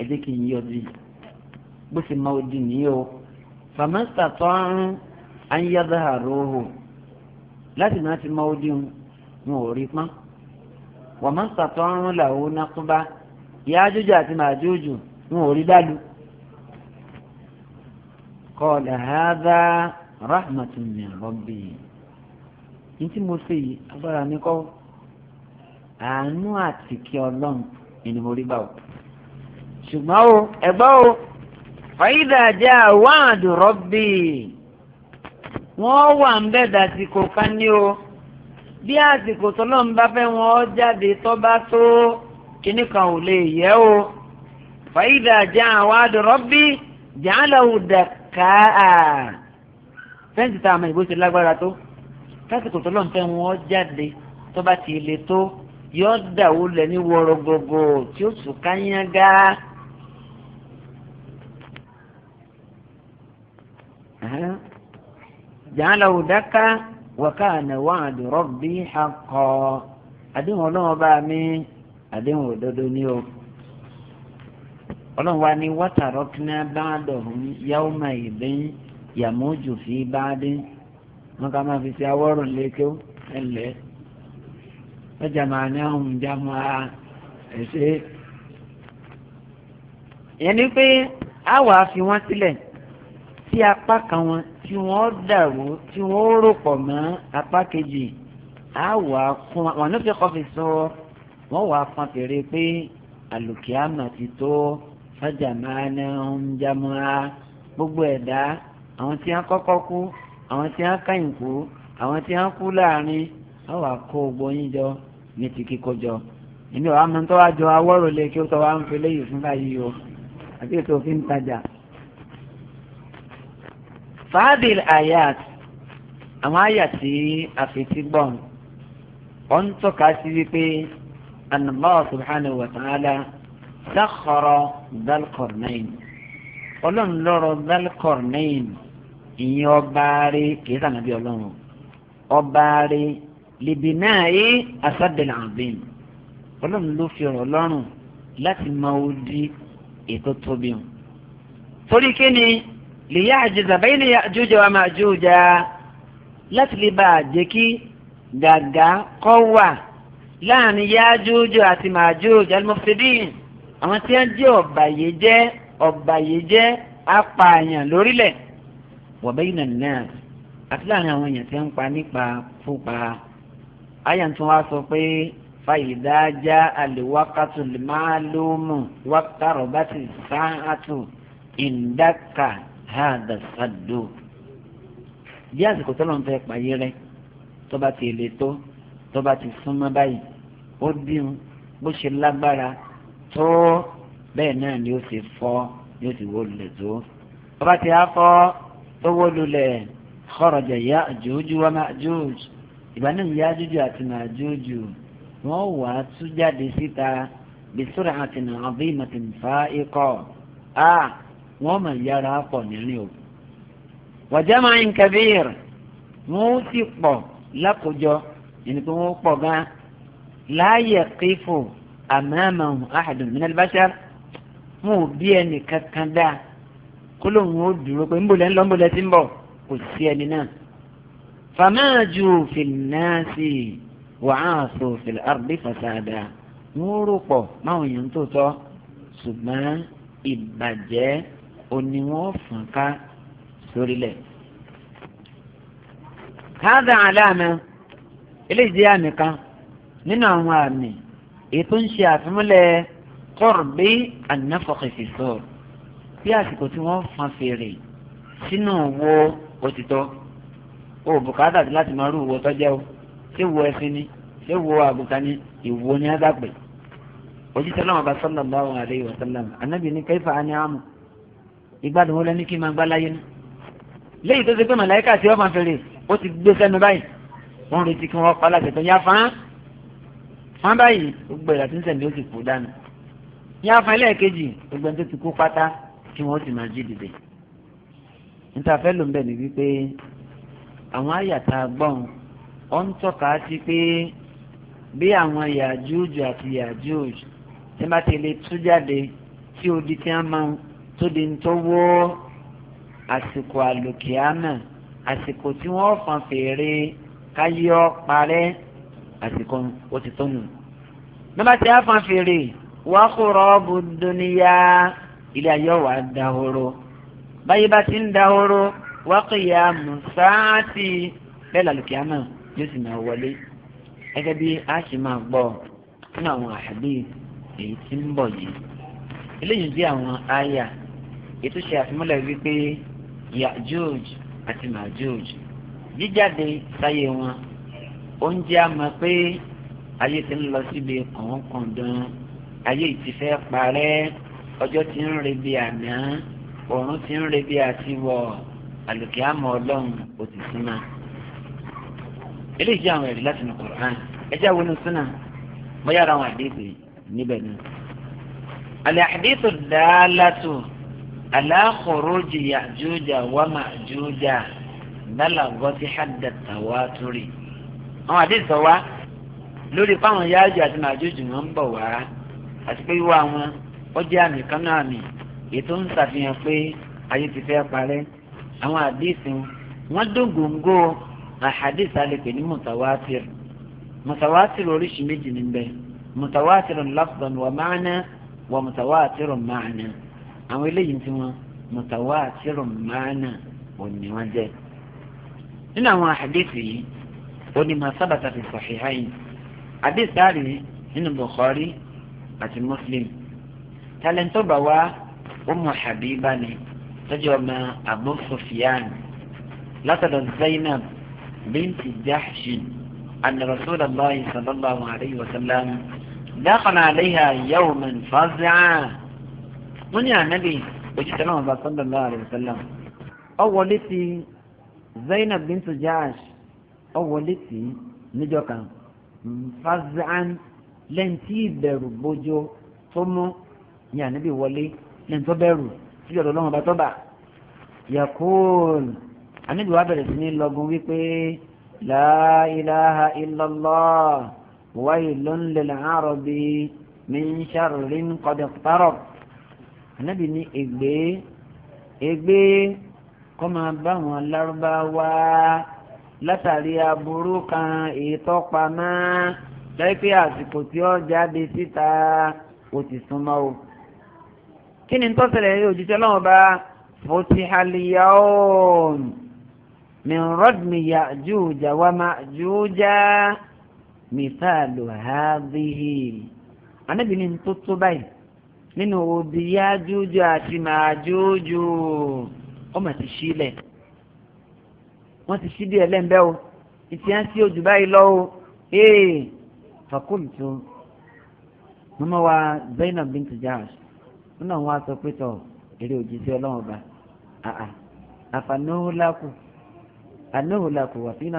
[SPEAKER 1] ẹ jẹ́ kí n yọ òdì bó sì máa òdì nìyí o fàmásítà tó ń ayélujára rò ó láti máa ti máa òdì wọn ò rí pọ́n wọ́n máa ń sàtọ́ ọ̀run làwọn náà tún bá Yájújù àti Májújù wọn ò rí dálu. qala hadha rahmatun min rabbi ní tí mo ṣe yìí agbára mi kọ́ àánú àti kí ọlọ́run ni mo rí bá o. ṣùgbọ́n o ẹ̀gbọ́n o fàyídà jẹ́ àwọn àdùrọ́bì wọ́n wà ń bẹ̀ dàtí kò ká ní o bí àsìkò tọ́lọ́run bá fẹ́ wọn ọ jáde tó bá tó kíní kan ò lè yẹ o fàyídà jẹ́ àwọn àdúrọ́ bí jàǹdàwù dàkà á fẹ́ǹsì tá a mọ̀ ìbò ṣe lágbára tó kásìkò tọ́lọ́run fẹ́ wọn ọ jáde tó bá ti lè tó yọ dàwó lẹ̀ ní wọ́rọ́gọ́gọ́ tí ó sùn káyánga. jàǹdàwù dàkà á wàkàna wàhádì rọ́bì hakọ́ àdéhùn ọlọ́run bá mi àdéhùn òdodo ni o ọlọ́run wa ni wàtàrọ́kìnà bá dọ̀hún yàwó máa yìí bẹ́ẹ̀ yàmójú fi bá dé wọn ká máa fi ṣe awọ́rùn lékè ẹlẹ́ ọjà máa ní ọ̀hún jámọ́ a ẹ̀ṣẹ́ yẹn pé a wàá fi wọ́n sílẹ̀ apá kan wọn tí wọ́n dàrú tí wọ́n rò pọ̀ mọ́ apá kejì á wà fún wọn ní fi kọfí sọ wọ́n wà fún apèrè pé àlùkìyàmà ti tó fájà máa ní ń jámọ́ra gbogbo ẹ̀dá àwọn tí wọ́n kọ́kọ́ kú àwọn tí wọ́n kàyìn kú àwọn tí wọ́n kú láàrin á wà kó gbóyin jọ ní ti kíkó jọ èmi ò mọ tó wá jọ awọ́rò lé kí ó tọ́ wá ń fi léyìí fún báyìí o àti ètò òfin tajà fàádìl ayat àwọn àyà tí àfetígbọ̀n ọ̀ ń tọ́ka sí wípé anamọ́ subhanahu wa ta'ala sakhara dalkornain ọlọ́run lọ́rọ̀ dalkornain ìyẹn ọba rí kìí sànà bí ọlọ́run ọba rí libi náà ọlọ́run ló fi ọ̀rọ̀ lọ́rùn láti máa ó di ètò tóbi torí kí ni lèyà àjẹsà bẹ́ẹ̀ ni Yájúj wa Májúj láti lè bá a jẹ́ kí gàgà kọ́ wà láàrin Yájúj àti Májúj al-mufsidin àwọn tí wọ́n jẹ́ ọ̀bàyéjẹ́ ọ̀bàyéjẹ́ apààyàn lórílẹ̀ wa bayna an-nas àti láàrin àwọn èèyàn tí wọ́n ń pa nípa fúnpa àyàn tí wọ́n sọ pé fàyídájá àlèwákàtú lè máa lómù wákàtàrọ̀ bá ti sáà tù ìdáka هذا sàdó bí àsìkò tó lọ́n fẹ́ pààyè rẹ tó bá ti lè tó tó bá ti súnmọ́ báyìí ó dín bó ṣe lágbára tó bẹ́ẹ̀ náà ni ó ṣe fọ́ ni ó sì wó lulẹ̀ tó tó bá ti á fọ́ tó wó lulẹ̀ kọ́rọ̀jà yá àjòjú wa máa jòjú ìbánú yá àjòjú àti máa jòjú wọ́n wà á tú jáde síta bí sórà àti nàá bí màtìmfà ikọ̀ a wọ́n mọ̀ yára pọ̀ nílẹ̀ o. wọ̀jẹ́ máa ń kẹ́bíìr wọ́n ó sì pọ̀ lákòjọ ẹni pé wọ́n pọ̀ gan-an láàyè kífò àmàmàhùn àhàdùn min al-bashar wọn ò bí ẹnì kankan dáa kó lóun ó dúró pé ńbọ̀lẹ́ ńlọ ńbọ̀lẹ́ ti ń bọ̀ kò sí ẹni náà. fàmáàjù fil nasi wàásù fil ardi fasada wọ́n rò pọ̀ máwọn èèyàn tó tọ́ ṣùgbọ́n ìbàjẹ́ òní wọn fún ká sórílẹ̀. káàdà aláàmì eléyìí jẹ́ àmì kan nínú àwọn àmì ètò ń ṣe àfimúlẹ̀ tọ́rọ̀bí ànáfọ̀kẹ̀sì sọ̀rọ̀ bí àsìkò tí wọ́n fọn fèrè sínú wo òtítọ́ o bùkátà láti máa rú ìwọ tọ́jẹ́ o ṣé wo ẹṣin ni ṣé wo àgùntàn ni ìwo ni á dàgbẹ́ òjíṣẹ́ lọ́wọ́ bá sallallahu alaihi wa sallam ànábì ní kayfa àní àmù ìgbádùn wo lẹ́ni kí n máa gbá láyé ní. léyìí tó ṣe pé màláìka tí wọ́n máa fèrè ó ti gbé sẹ́nu báyìí wọ́n retí kí wọ́n pa láti ẹ̀tọ́ yá fán fán báyìí gbogbo ìlà tí ń sẹ̀mí ó ti kú dànù yá fán ẹlẹ́ẹ̀kejì gbogbo ẹni tó ti kú pátá kí wọ́n sì máa jí dìde. níta fẹ́ ló ń bẹ̀ ní wípé àwọn àyàtà gbọ́n ọ ń tọ́ka sí pé bí àwọn yàjúùjù àti yàjúùjù tí wọ́n bá ti lè tú jáde tí odi tí wọ́n máa tó di tó wó àsìkò àlùkìámà àsìkò tí wọ́n fọn fèrè káyọ parẹ́ àsìkò ó ti tó nù. nígbà tí a fọn fèrè wà kúrọ̀ bùdóníyà ilé ayé wà dahoro báyìí bá ti ń dahoro wà kìyà mùsáàtì bẹ́ẹ̀ làlùkìámà yóò sì máa wọlé gẹ́gẹ́ bí a sì máa gbọ́ nínú àwọn àhàdí èyí tí ń bọ̀ yìí eléyìí jẹ́ àwọn àyà ètò ṣe àfimúlẹ̀ wípé Ya'juj àti Ma'juj jíjáde sáyé wọn oúnjẹ àmọ́ pé ayé ti ń lọ síbi kọ̀ọ̀kọ̀ọ̀dán ayé ti fẹ́ parẹ́ ọjọ́ ti ń re bí àná òòrùn ti ń re bí àtiwọ̀ àlùkí àmọ́ ọlọ́run ò ti súnmọ́ eléyìí jẹ́ àwọn ẹ̀rí láti nu Qur'an ẹjẹ́ àwọn onísúnà bóyá ara àwọn àdéhùn níbẹ̀ ni. al-ahadithu ad-dallatu. ala khuruji ya'juja wa ma'juja balagati hadda tawaturi. àwọn àdéhùn sọ wá lórí fáwọn yáàjù àti màjújù wọn ń wá àti pé wíwá wọn ó jẹ́ àmì kan náà àmì ètò ń ṣàfihàn pé ayé ti fẹ́ parẹ́ àwọn àdéhùn wọn dún góńgó àhàdéhùn sálẹ̀pẹ̀ ní mùtàwátìr mùtàwátìr oríṣi méjì níbẹ̀ mùtàwátìr lafdan wa ma'na wa mùtàwátìr àwọn eléyìí tí wọn mutawatir ma'na òní wọn jẹ nínú àwọn àdéhùn yìí òní ma sábàtà fi yìí àdéhùn sáàrì nínú Bukhari àti Muslim tàlẹ́ntọ́ bá wá Ummu Habiba ni tọ́jú ọmọ Abu sofiyan látọ̀dọ̀ Zainab binti Jahshin أن رسول الله صلى الله عليه وسلم دخل عليها يوما فزعا wọ́n ní ànábì òjijì náà bá sallallahu alaihi wasallam ó wọlé ti Zainab bintu Jahsh ó wọlé ti níjọ́ kan fazan lẹ́ǹtì ìbẹ̀rù bójó tó mú ní ànábì wọlé lẹ́ǹtọ́ bẹ̀rù tí ọ̀dọ̀ ọlọ́run bá tọ́ba yakul ànábì wa bẹ̀rẹ̀ sí ní lọ́gùn wípé la ilaha illallah waylun lil arabi min sharrin qad iqtarab ànábì ní ègbé ègbé kọ́ máa bá wọn lárúbáwá látàrí aburú kan ìtọ́pamọ́ lẹ́pẹ́ àsìkò tí ó jáde síta ó ti súnmọ́ o. kí ni tó ṣẹlẹ̀ ní òjíṣẹ́ náà bá futihal yawm min radmi ya'juja wa ma'juja mithalu hadhihi ànábì ní tó báyìí. nínú odi yájújú àti màjújú ọmọ ti sílẹ̀ wọ́n ti sí bí o ìtì á sí ojú báyìí lọ́wọ́ ee fàkóòtù mọ́mọ́ wa Zainab bint Jahsh nínú àwọn aṣọ pétọ̀ eré òjíṣẹ́ ọlọ́run ọba àà àfànúhùlákù ànúhùlákù wà fínà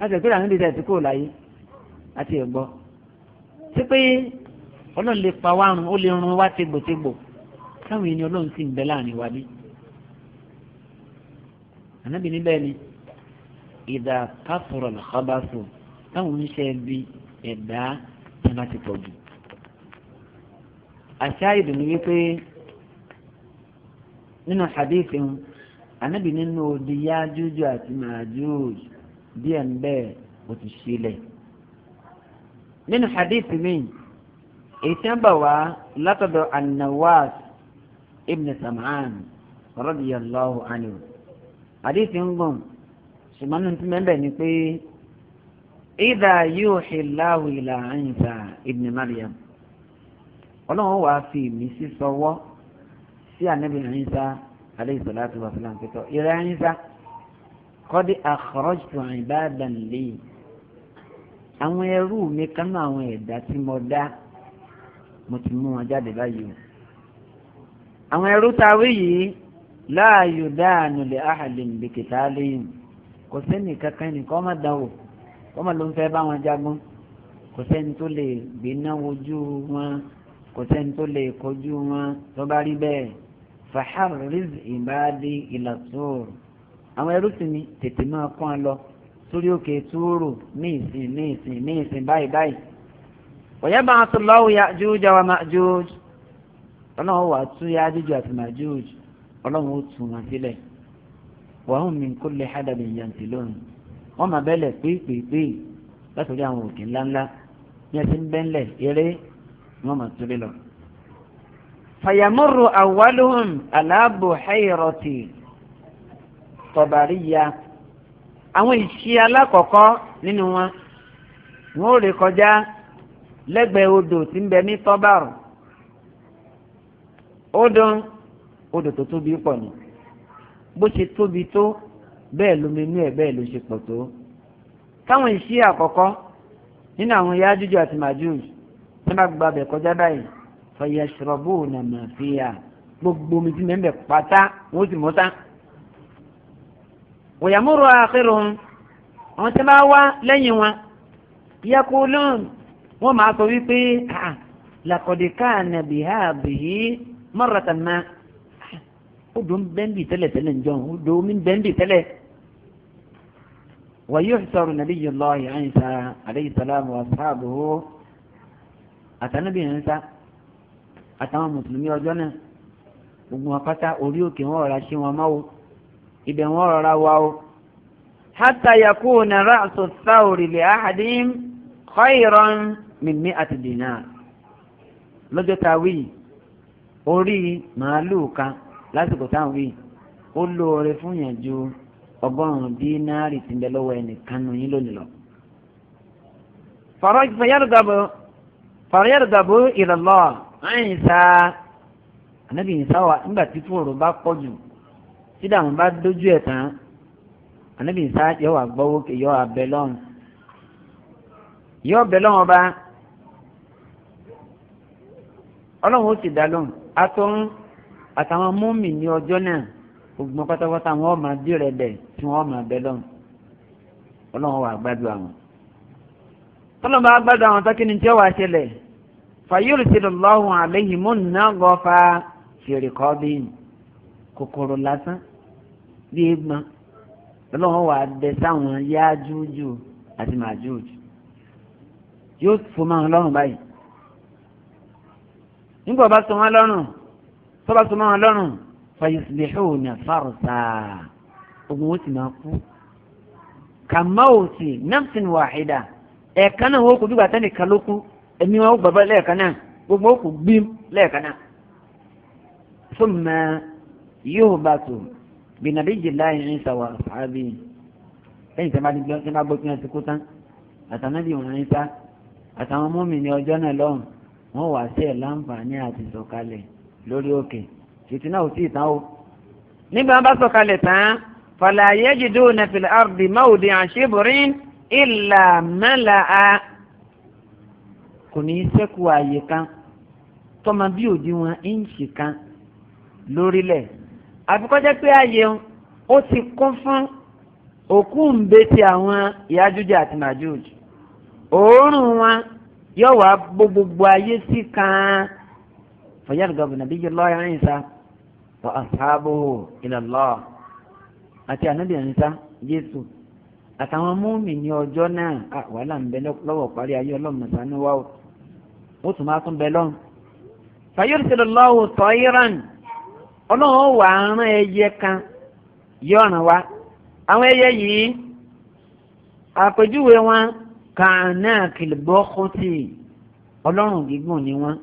[SPEAKER 1] àà kò láyé àti ẹ̀gbọ́ pé. ọlọ́run lè pa wá run ó lè run wá tegbòtegbò káwọn ènìyàn ọlọ́run sì ń bẹ láàrin wa bí. ànábì níbẹ̀ ni ìdá kásọ̀rọ̀ làkábàṣọ táwọn oníṣẹ́ bí ẹ̀dá yẹn láti pọ̀ jù. àṣà ìdùnnú wípé nínú hadith ń ànábì nínú odi yájújú àti màjúj díẹ̀ ń bẹ́ẹ̀ ó ti ṣílẹ̀. nínú hadith mi ìtẹ́bà wá látọ̀dọ̀ an-Nawas ibn Sam'an radiyallahu anhu àdìsí ń gùn ṣùgbọ́n ní ti mẹ́bẹ̀ ni pé ìdá yóò ṣe láwù ìlà Ìsá ibn Maryam ọlọ́run wàá fi mí sí sọwọ́ sí ànábì Ìsá alayhi salatu wa salam pẹ̀tọ́ ìrẹ́ Ìsá kọ́dí akhrajtu ibadan li àwọn ẹrú mi kánú àwọn ẹ̀dá tí mo dá mo ti mú wọn jáde báyìí o. àwọn ẹrú tawí yìí láàyò dáàánú lè áhàlì nìbìkìtà lẹ́yìn kò sẹ́ni kankan nìkan má dánwò kọ́ mọ̀ ló ń fẹ́ bá wọn jagun kò sẹ́ni tó lè gbéná wojú wọn kò sẹ́ni tó lè kojú wọn tó bá rí bẹ́ẹ̀ fàhárìz ìbáàdì ìlàtúrò àwọn ẹrú sì ni tètè máa kọ́ ọ lọ sórí òkè túrò ní ìsìn ní ìsìn ní ìsìn báyìí báyìí. ويبعث الله يأجوج ومأجوج ọlọ́run wà tún Yájújù àti Májújù ọlọ́run ó tún wọn sílẹ̀ wàhùn min kulli hadabin yansilun wọ́n máa bẹ́lẹ̀ pípéèpé látọ̀dọ̀ àwọn òkè ńláńlá ní ẹtí ń bẹ́ńlẹ̀ eré ni wọ́n máa tóbi lọ. fàyàmúrù awwaluhum aláàbò hayrọ̀tì tọ̀bàríyà àwọn ìṣí alákọ̀ọ́kọ́ nínú wọn wọ́n ò rè kọjá lẹ́gbẹ̀ẹ́ odò tí ń bẹ ní tọ́bàrù odò odò tó tóbi pọ̀ ni bó ṣe tóbi tó bẹ́ẹ̀ ló mi nú ẹ̀ bẹ́ẹ̀ ló ṣe pọ̀ tó táwọn ìṣí àkọ́kọ́ nínú àwọn Yájújù àti Májújù tí wọ́n gba bẹ̀ kọjá báyìí fọyẹ́sọ̀rọ̀bù nàmà fìyà gbogbo omi tí mẹ́mbẹ̀ pátá wọ́n sì mọ́tá òyàmúrò àkérò wọn tí wọ́n wá lẹ́yìn wọn yẹ kó lóun wọ́n máa sọ wípé làkọ̀dé káàna bìhá bìhí mọ́rọ̀tà náà odò ń bẹ́ńbì tẹ́lẹ̀ tẹ́lẹ̀ ń jọ odò ń bẹ́ńbì tẹ́lẹ̀ wàyí òṣìṣọ́rù nàbí yìí lọ yìí àyìnsá àdéhìsálàmù àṣàbò àtànàbí àyìnsá àtàwọn mùsùlùmí ọjọ́ náà gbogbo wọn pátá orí òkè wọn rọra ṣé wọn máwo ibẹ̀ wọn rọra wá o. hátà yakuna ra'su sáwòrì lè áhàdín khayran min ati dinar lọ́jọ́ tá a wí yìí orí màálùú kan lásìkò tá a wí yìí ó lóore fún yàn ju ọgọ́rùn-ún dínárì tí ń bẹ lọ́wọ́ ẹnìkan nù yín lónìí lọ. fàrọ̀yàdùgàbò ìrọ̀lọ́ ẹ̀yìn sá ànábì yìí sáwà nígbà tí fòrò bá pọ̀ jù tí dààmú bá dójú ẹ̀ tán ànábì yìí sá yọ wà gbọ́wọ́ yọ abẹ lọ́run yọ abẹ lọ́run ọba ọlọ́run ó sì dá lóhùn atọ́rún àtàwọn mọ́mì ní ọjọ́ náà gbogbo pátápátá wọn máa dí rẹ bẹ̀ tí wọ́n máa bẹ lọ́hùn ọlọ́run wà gbádùn àwọn. tọ́lọ́mọ agbádùn àwọn tákìní tí ó wàá ṣẹlẹ̀ fàyọ̀rù ti lọ́hùn àléhìn mọ́nà gọ́fà fèrè kọ́bí kòkòrò lásán bí egbọn ọlọ́run wà bẹ sáwọn yájújú àti màjújú yóò fún máa lọ́rùn báyìí nígbà bá so wọn lọ́rùn tó bá so wọn lọ́rùn fayusbihuna farsa ogun ó sì máa kú kàmáwòsì nafsin wàhídà ẹ̀ẹ̀kan náà wọ́n kú bí gbàtẹ́ nìkan ló kú ẹ̀mí wọn ó gbàgbọ́ lẹ́ẹ̀kan náà gbogbo ó kú gbím lẹ́ẹ̀kan náà. thumma yuhbatu bìnàbí jìlá ìrìn sàwà àbí lẹ́yìn tí a bá gbọ́ tí wọ́n ti kú tán àtàwọn wọ́n wà sí ẹ̀ láǹfààní àti sọ̀kalẹ̀ lórí òkè títí náà ò tí ì tán o. nígbà wọn bá sọ̀kalẹ̀ tán fala yajiduna fil ardi mawdi'a shibrin illa mala'a kò ní í ṣẹ́kù ààyè kan tọ́mọ bí òdiwọ̀n íǹṣì kan lórílẹ̀ àfikọ́jẹ́ pé ààyè ó ti kún fún òkú ń betí àwọn Yájúj àti Májúj òórùn wọn yóò wá gbogbo ayé sí kan fayal gọvùnà bíi lọ́ọ̀yà ẹ̀ǹsà wà asábòhò ìlàlọ́ àti ànábì ẹ̀ǹsà Jésù àtàwọn múmi ní ọjọ́ náà wàhálà ń bẹ lọ́wọ́ parí ayé ọlọ́run sànú wa o ó tún máa tún bẹ lọ́run fayal ti lọ́wọ́ tọ́ iran ọlọ́run wà á rán ẹyẹ kan yóò ràn àwọn ẹyẹ yìí àpèjúwe wọn kànáà kìlìbọ́kọ́tì ọlọ́run gígùn ni wọ́n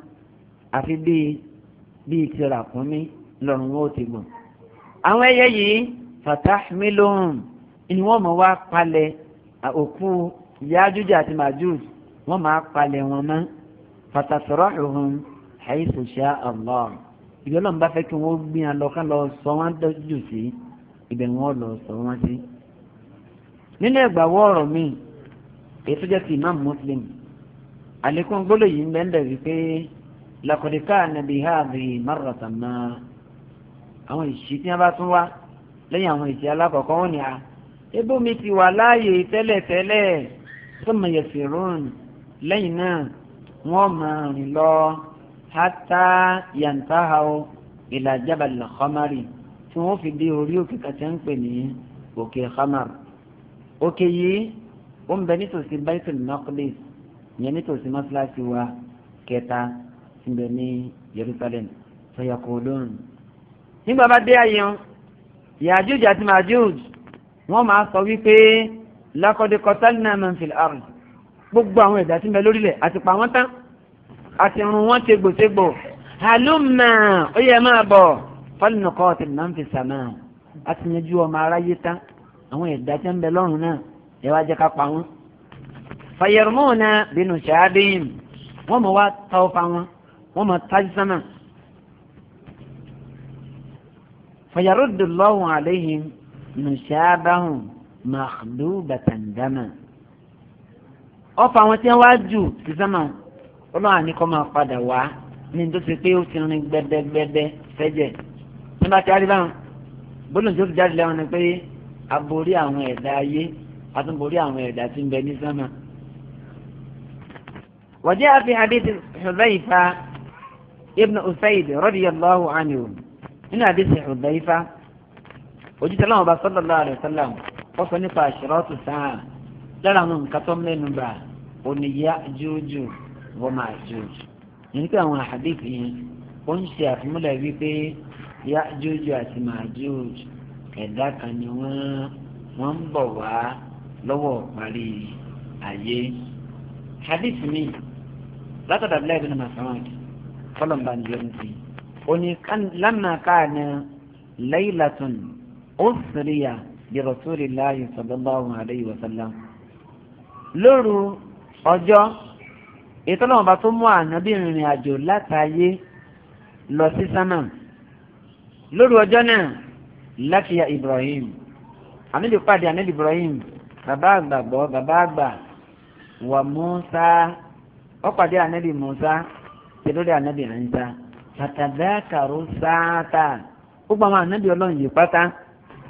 [SPEAKER 1] àfi bíi bíi ti ràkúnmí lọ́rùn wọn ò ti gùn. àwọn ẹyẹ yìí fatahmilum ni wọ́n mọ̀ wá palẹ̀ òkú Yájújà àti Májúj wọ́n máa palẹ̀ wọn mọ́ fatasrahuhum haythu sha Allah ìyọ́lọ́ bá fẹ́ kí wọn lọ ká lọ sọ wọ́n dọ́jú sí ibẹ̀ wọ́n lọ sọ wọ́n sí. nínú ẹ̀gbàwọ́ ọ̀rọ̀ míì èyí tó jẹ́ ti imam muslim àlékún gbọ́dọ̀ yìí ń bẹ́ńdẹ̀ wípé lakọ̀díkà nàbí hàbí márùtàmá àwọn ìṣí tí wọ́n bá tún wá lẹ́yìn àwọn ìṣí alákọ̀ọ́kọ́ wọn ni a ebó mi ti wà láàyè tẹ́lẹ̀tẹ́lẹ̀ sọmọ yẹsẹ̀ rún lẹ́yìn náà wọ́n máa rìn lọ hátà yantahau ìlà jábàlì tí wọ́n fi dé orí òkè kàtẹ́ ń pè ní òkè khamar òkè yìí ó ń bẹ nítòsí Baitul Maqdis yẹn nítòsí mọ́ṣáláṣí wa kẹta ti bẹ ní Jerusalem fayaqulun. nígbà bá dé ayé wọn Yàjúj àti Màjúj wọ́n máa sọ wípé laqad qatalna man fil ard gbogbo àwọn ẹ̀dá tí ń bẹ lórílẹ̀ àti pa wọ́n tán àti run wọ́n tegbòtegbò halumma ó yẹ máa bọ̀ falnuqatil man fis samaa àti yanjú ọmọ aráyé tán àwọn ẹ̀dá ń bẹ lọ́run náà ẹ wá jẹ́ ká pa wọ́n. fàyẹ̀rùmọ́ọ̀nà bínú ṣáàbìn wọ́n mọ̀ wá ta ọ̀fà wọn wọ́n mọ̀ tájú sánà. fàyẹ̀rùdùlọ́hùn àléhìn nù ṣáàbáhùn màdùbàtàn dámà. ọ̀fà wọn tí wọ́n wá jù sí sánà ọlọ́run àníkọ́ máa padà wá ní tó ṣe pé ó ti rin gbẹdẹgbẹdẹ fẹ́jẹ̀ nígbà tí a rí báwọn gbọ́dọ̀ tó jáde lẹ́wọ̀n ni pé aborí àwọn ẹ̀dá ayé uibnsd rodialụ hụ dsi ojitelab sallsaam opss daraụktb olyajoju bụj newadih posipe yajoju tij edata nwamba w lọ́wọ́ parí ayé hadith mi látọ̀dọ̀ abdullahi bin masamad fọlọ́nba ní yọ̀ọ́ nìyí ó ní lánàá káàní laylatun usriya bi rasulillahi sallallahu alayhi wa sallam lóru ọjọ́ ìtọ́lọ́mọba tó mú ànábì rìnrìn àjò látàyé lọ sí sánà lóru ọjọ́ náà lákìyà ibrahim ànábì pàdé ànábì ibrahim bàbá àgbàgbọ́ bàbá àgbà wà Musa ọ̀pàdé ànábì Musa ti lórí ànábì Isa pàtàkàrú sáátà gbogbo àwọn ànábì ọlọ́run yìí pátá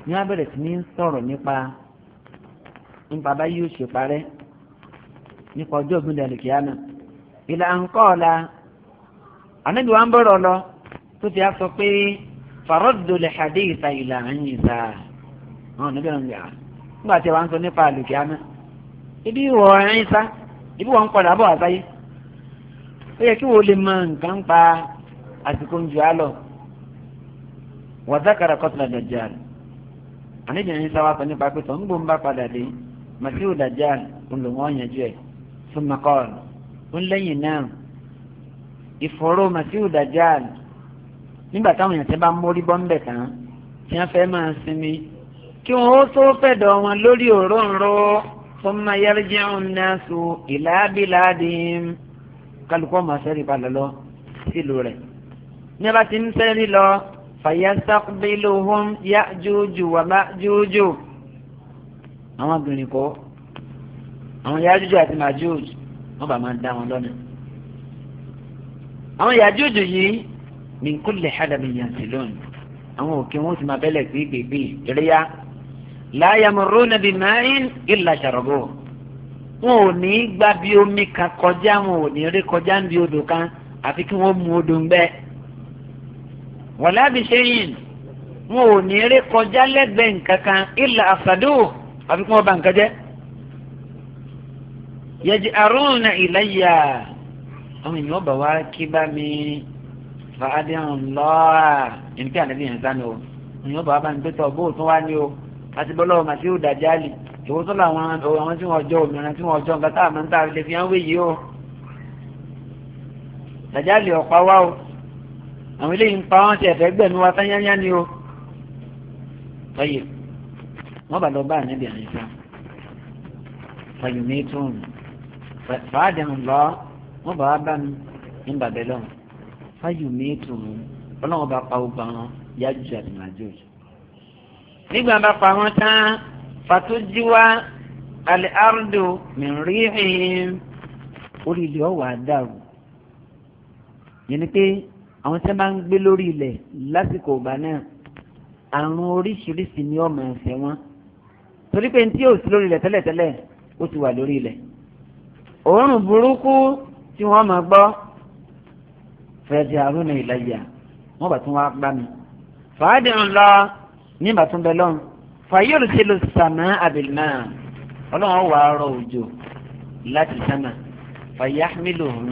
[SPEAKER 1] ni wọ́n bẹ̀rẹ̀ sí ní sọ̀rọ̀ nípa nípa bá yóò ṣe parẹ́ nípa ọjọ́ ògbóǹde àlùkìyàmà ìlà ńkọ́ ọ̀la ànábì wa ń bọ̀rọ̀ lọ tó ti á sọ pé fàrọ́dọ̀lẹ̀ hadith ìlà ń sáà wọn ò ní bẹ́ẹ̀ ń gbà nígbà tí wàá ń sọ nípa àlùkìámẹ́ ibi ìwọ ẹ̀rín sá ibi wọn ń padà bọ̀ àsáyé ó yẹ kí wọ́n lè mọ nǹkan pa àsìkò ń ju á lọ wàzákàrà kọ́tùlà dàjáàlì àníjì ẹ̀rín sá wàá sọ nípa pé tọ́ǹgbò ń bá padà dé màsíwò dàjáàlì olùwọ́n yànjú ẹ̀ fún makọ́ọ̀lù ń lẹ́yìn náà ìfòró màsíwò dàjáàlì nígbà táwọn èèyàn bá mórí bọ́ńbẹ̀ tán tí wọ́n fẹ́ máa sinmi kí wọn ó tó fẹ̀dọ̀ wọn lórí òróǹro thumma yarji'u an-nasu ila biladihim kálukọ́ máa sẹ́rí padà lọ sílùú rẹ̀ ní bá ti ń sẹ́rí lọ fayastaqbiluhum ya'juju wa ma'juju àwọn obìnrin kọ́ àwọn ya'juju àti ma'juju wọ́n bá máa dá wọn lọ́nà àwọn ya'juju yìí min kulli hadabin yansilun àwọn òkè wọn ti máa bẹ́lẹ̀ gbégbégbé ìrẹ́yà láyàmúrú nàbí máyín ìlà ṣàrògbò wọn ò ní í gba bí omi kan kọjá wọn ò ní rí kọjá ń bí odò kan àfi kí wọn mú odò ń gbẹ wàlábì ṣẹyìn wọn ò ní rí kọjá lẹ́gbẹ̀ẹ́ nǹkan kan ìlà àfàdó àfi kí wọn bá nǹkan yẹjì àrùn náà ìlàyà àwọn èèyàn bá wá kí bá mi fàádìrún lọ́ọ́ à nǹkan àdébìyàn sani o èèyàn bá wá bá mi pé tọ́ bóòtú wá ní o àti bọ́lá ọmọ àti òdàjálì èwo tó làwọn àwọn tí wọ́n jọ òmìnira tí wọ́n jọ nǹkan tá àmọ́ ń tà lè fi hàn wéyìí o dàjálì ọ̀pá wá o àwọn eléyìí ń pa wọ́n ti ẹ̀fẹ́ gbẹ̀mí wa tányányá ni o tọ́yè wọ́n bá lọ bá ànábì àníṣá fàyùmí tó ń ń lọ wọ́n bá wá bá mi ní bàbá fàyùmí tó ń bá pa ogun àwọn yájú àti màjọ́jù nígbà bá pa wọn tán fatujiwa al-ardu min rihim orí ilẹ̀ ọ̀wà dàrú yẹn ni pé àwọn tí wọn bá ń gbé lórí ilẹ̀ lásìkò ọba náà àrùn oríṣiríṣi ni ọmọ ẹ̀fẹ̀ wọn torí pé tí yóò sí lórí ilẹ̀ tẹ́lẹ̀tẹ́lẹ̀ ó ti wà lórí ilẹ̀ òórùn burúkú tí wọ́n máa gbọ́ fẹ́ẹ́ di àrùn ìlàjà wọ́n bá tún wá gbá mi fàádìrún lọ ní ìbátúndẹ lọ́n fàyọ̀rù sí ló sàmà àbìlmá ọlọ́run wà á rọ òjò láti sánà fàyà mílò òun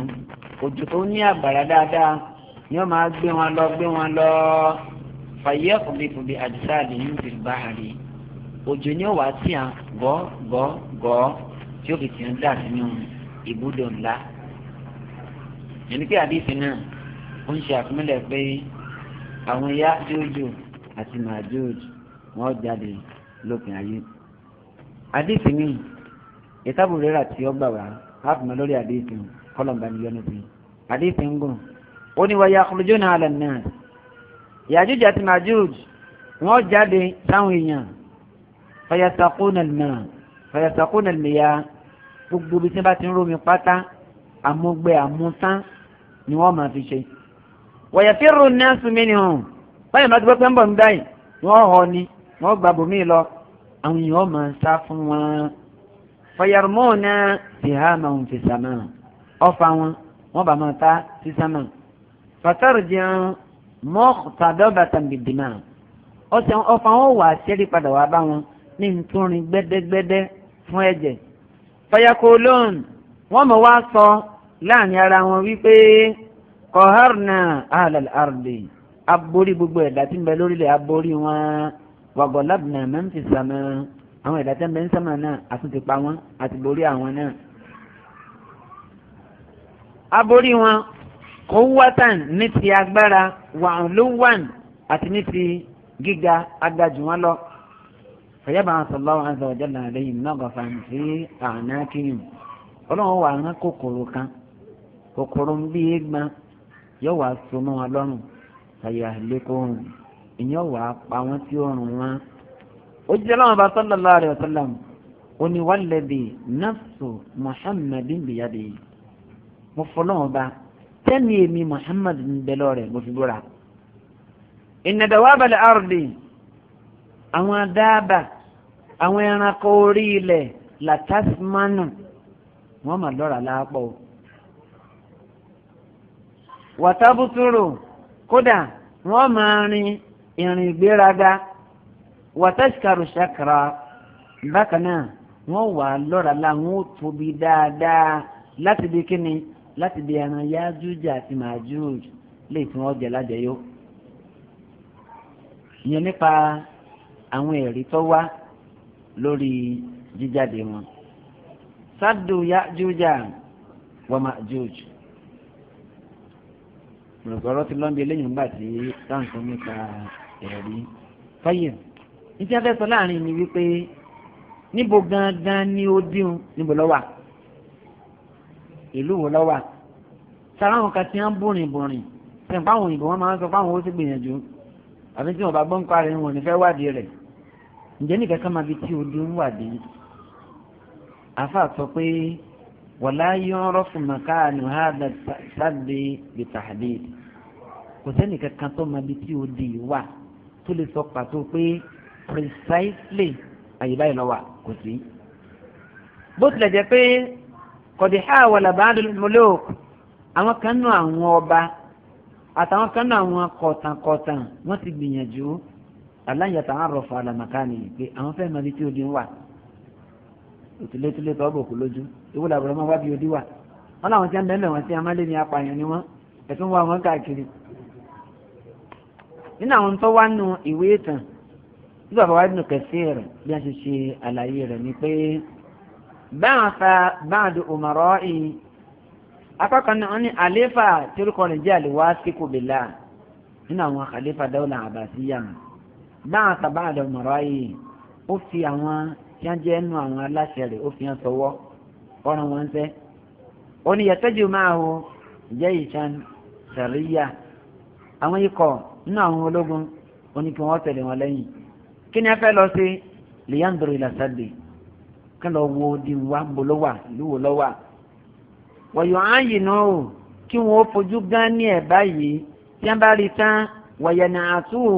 [SPEAKER 1] òjò tó ní àgbàrá dáadáa ni wọ́n máa gbé wọn lọ gbé wọn lọ fàyà kùbìkùbì àdìsá àdìyìn fìlì báhàrí òjò ni ó wà á tì hàn gọ́ gọ́ gọ́ tí ó fi tì ń dà sínú ibùdó ńlá ẹni pé àdìsí náà ó ń ṣe àkúnmílẹ̀ pé àwọn ya tí àti Majuj wọn jáde lópin ayé. àdìsí mi ìtàbù tí ó gbà wá láàbùmọ́ lórí àdìsí kọ́lọ̀mbà ni yọ́nù bí. àdìsí ń gùn ó ní wáyé yakhrujuna ala nnas Yajuj àti Majuj wọn jáde sáwọn èèyàn fayasakuna al-ma fayasakuna al-miya gbogbo ibi tí wọn bá ti ń rómi pátá àmúgbẹ àmútán ni wọn máa fi ṣe. wayafirru an-nasu minhum báyìí lọ́dún pẹ́pẹ́ ń bọ̀ ń dáyìn wọ́n họ ni wọ́n gba bòmí lọ àwọn èèyàn máa sá fún wọn. fọyàrùmọ́ náà ti há máa ń fi sàmà ọ̀fà wọn wọ́n bá máa ta sí sàmà. fàtàrù jẹun mọ́ tàdọ́bà tàbídìmà ọ̀sẹ̀ ọ̀fà wọn wà sẹ́rí padà wá bá wọn ní ntúrin gbẹ́dẹ́gbẹ́dẹ́ fún ẹ̀jẹ̀. fọyàkólóòn wọ́n mọ̀ wá sọ láàrin ara wọn wípé kọ̀hárùnà àlàlárùdì aborí gbogbo ẹ̀dá tí ń bẹ lórílẹ̀ aborí wọn wàgọ̀ lábùnà mẹ́ǹfì sàmà àwọn ẹ̀dá tí ń bẹ ń sàmà náà àtúntì pa wọn àti borí àwọn náà. aborí wọn kò wátàn ní ti agbára wàhùn ló wàn àti ní ti gíga agajù wọn lọ. fẹ̀yẹ́bà sallallahu azza wa jalla alayhim naghafan fi a'naqihim ọlọ́run wà rán kòkòrò kan kòkòrò ń bí eégbọn yóò wá so mọ́ wọn lọ́rùn sàyà lẹ́kọ̀ọ́n ìyẹn wà á pa wọ́n tí ó rùn wọ́n. òjijì aláwọn bá sallallahu alaihi wasallam òní walladhi nafsu muhammadin biyadihi mo fọlọ́wọ́n bá tẹ́ni èmi muhammad ń bẹ lọ́rẹ̀ mo fi búra. inna dawabal ardi àwọn dáàbà àwọn ẹranko orí ilẹ̀ latasmanu wọ́n mà lọ́ra láàpọ̀ wàtábùtúrò kódà wọ́n máa rin ìrìn ìgbéraga wàtẹ́sìkàrù ṣàkàrà bákan náà wọ́n wà lọ́ra láwọn ó tóbi dáadáa láti di kíni láti di ẹran yájújà àti màjúùj lè tí wọ́n jẹ lájẹyó. ìyẹn nípa àwọn ẹ̀rí tó wá lórí jíjáde wọn. sádù yájújà màjúùj ọ̀rọ̀ ti lọ́nbi eléyìí ńgbà tí táǹkì nípa ẹ̀rí fáyẹ̀ níta fẹ́ sọ láàrin ni wípé níbo gangan ni ó dín níbo lọ́wà ìlú wo lọ́wà sára àwọn kan tí wọ́n bùrìn bùrìn tẹ̀ fáwọn òyìnbó wọn máa ń sọ fáwọn ó sì gbìyànjú àbí tí wọn bá gbọ́n parí wọn ní fẹ́ wádìí rẹ̀ ǹjẹ́ nìkan kan máa fi tí odò ń wádìí àfa sọ pé wala yu'rafu makanu hadha sábẹ́ bìtàdé kò sẹ́ni kankan tó ma bi tí o di wà tó lè sọ pàtó pé precisely àyè báyìí lọ wà kò sí. bó tilẹ̀ jẹ́ pé kọ̀dìhá wàlà bàdé mọ́lẹ́ọ̀k àwọn kan nù àwọn ọba àtàwọn kan nù àwọn kọ̀tànkọ̀tàn wọ́n ti gbìyànjú aláǹyàtà àròfò àlàmàkà nìyí pé àwọn fẹ́ẹ́ ma bi tí o di wà òtúlétúlé tó bòkú lójú ìwúlò àbúrò máa wá bí odi wà wọn làwọn tí wọn bẹ́ẹ̀ wọn tí wọn máa apààyàn ni wọn ẹ̀sùn wa wọn káàkiri. nínú àwọn tó wá nu ìwé ìtàn bí bàbá wa nù kẹsí rẹ bí a ṣe ṣe àlàyé rẹ ni pé báwọn fa báwọn di òmàrọ yìí akọkànnì wọn ni àléfà tí orúkọ rẹ jẹ àlèwà síkù bìlà nínú àwọn àléfà dáwọlà àbàsíyà báwọn fa báwọn di òmàrọ yìí ó fi àwọn tí wọ́n jẹ́ ẹnu àwọn aláṣẹ rẹ̀ ó fi hàn sọ́wọ́ ọ̀ràn wọn sẹ́. ó ní yàtọ́jú máa ho ìjẹ́ ìṣan sàríyà àwọn ikọ̀ nínú àwọn ológun ó ní kí wọ́n tẹ̀lé wọn lẹ́yìn. kí ni a fẹ́ lọ sí liyandoro ìlàsàdè kí lọ wo di wa ń bo lọ́wà lúwo lọ́wà. wọ̀yọ̀ áyì náà o kí wọ́n fojú gán ní ẹ̀ báyìí tí wọ́n bá rí tán wọ̀yẹ̀ nà àtúwò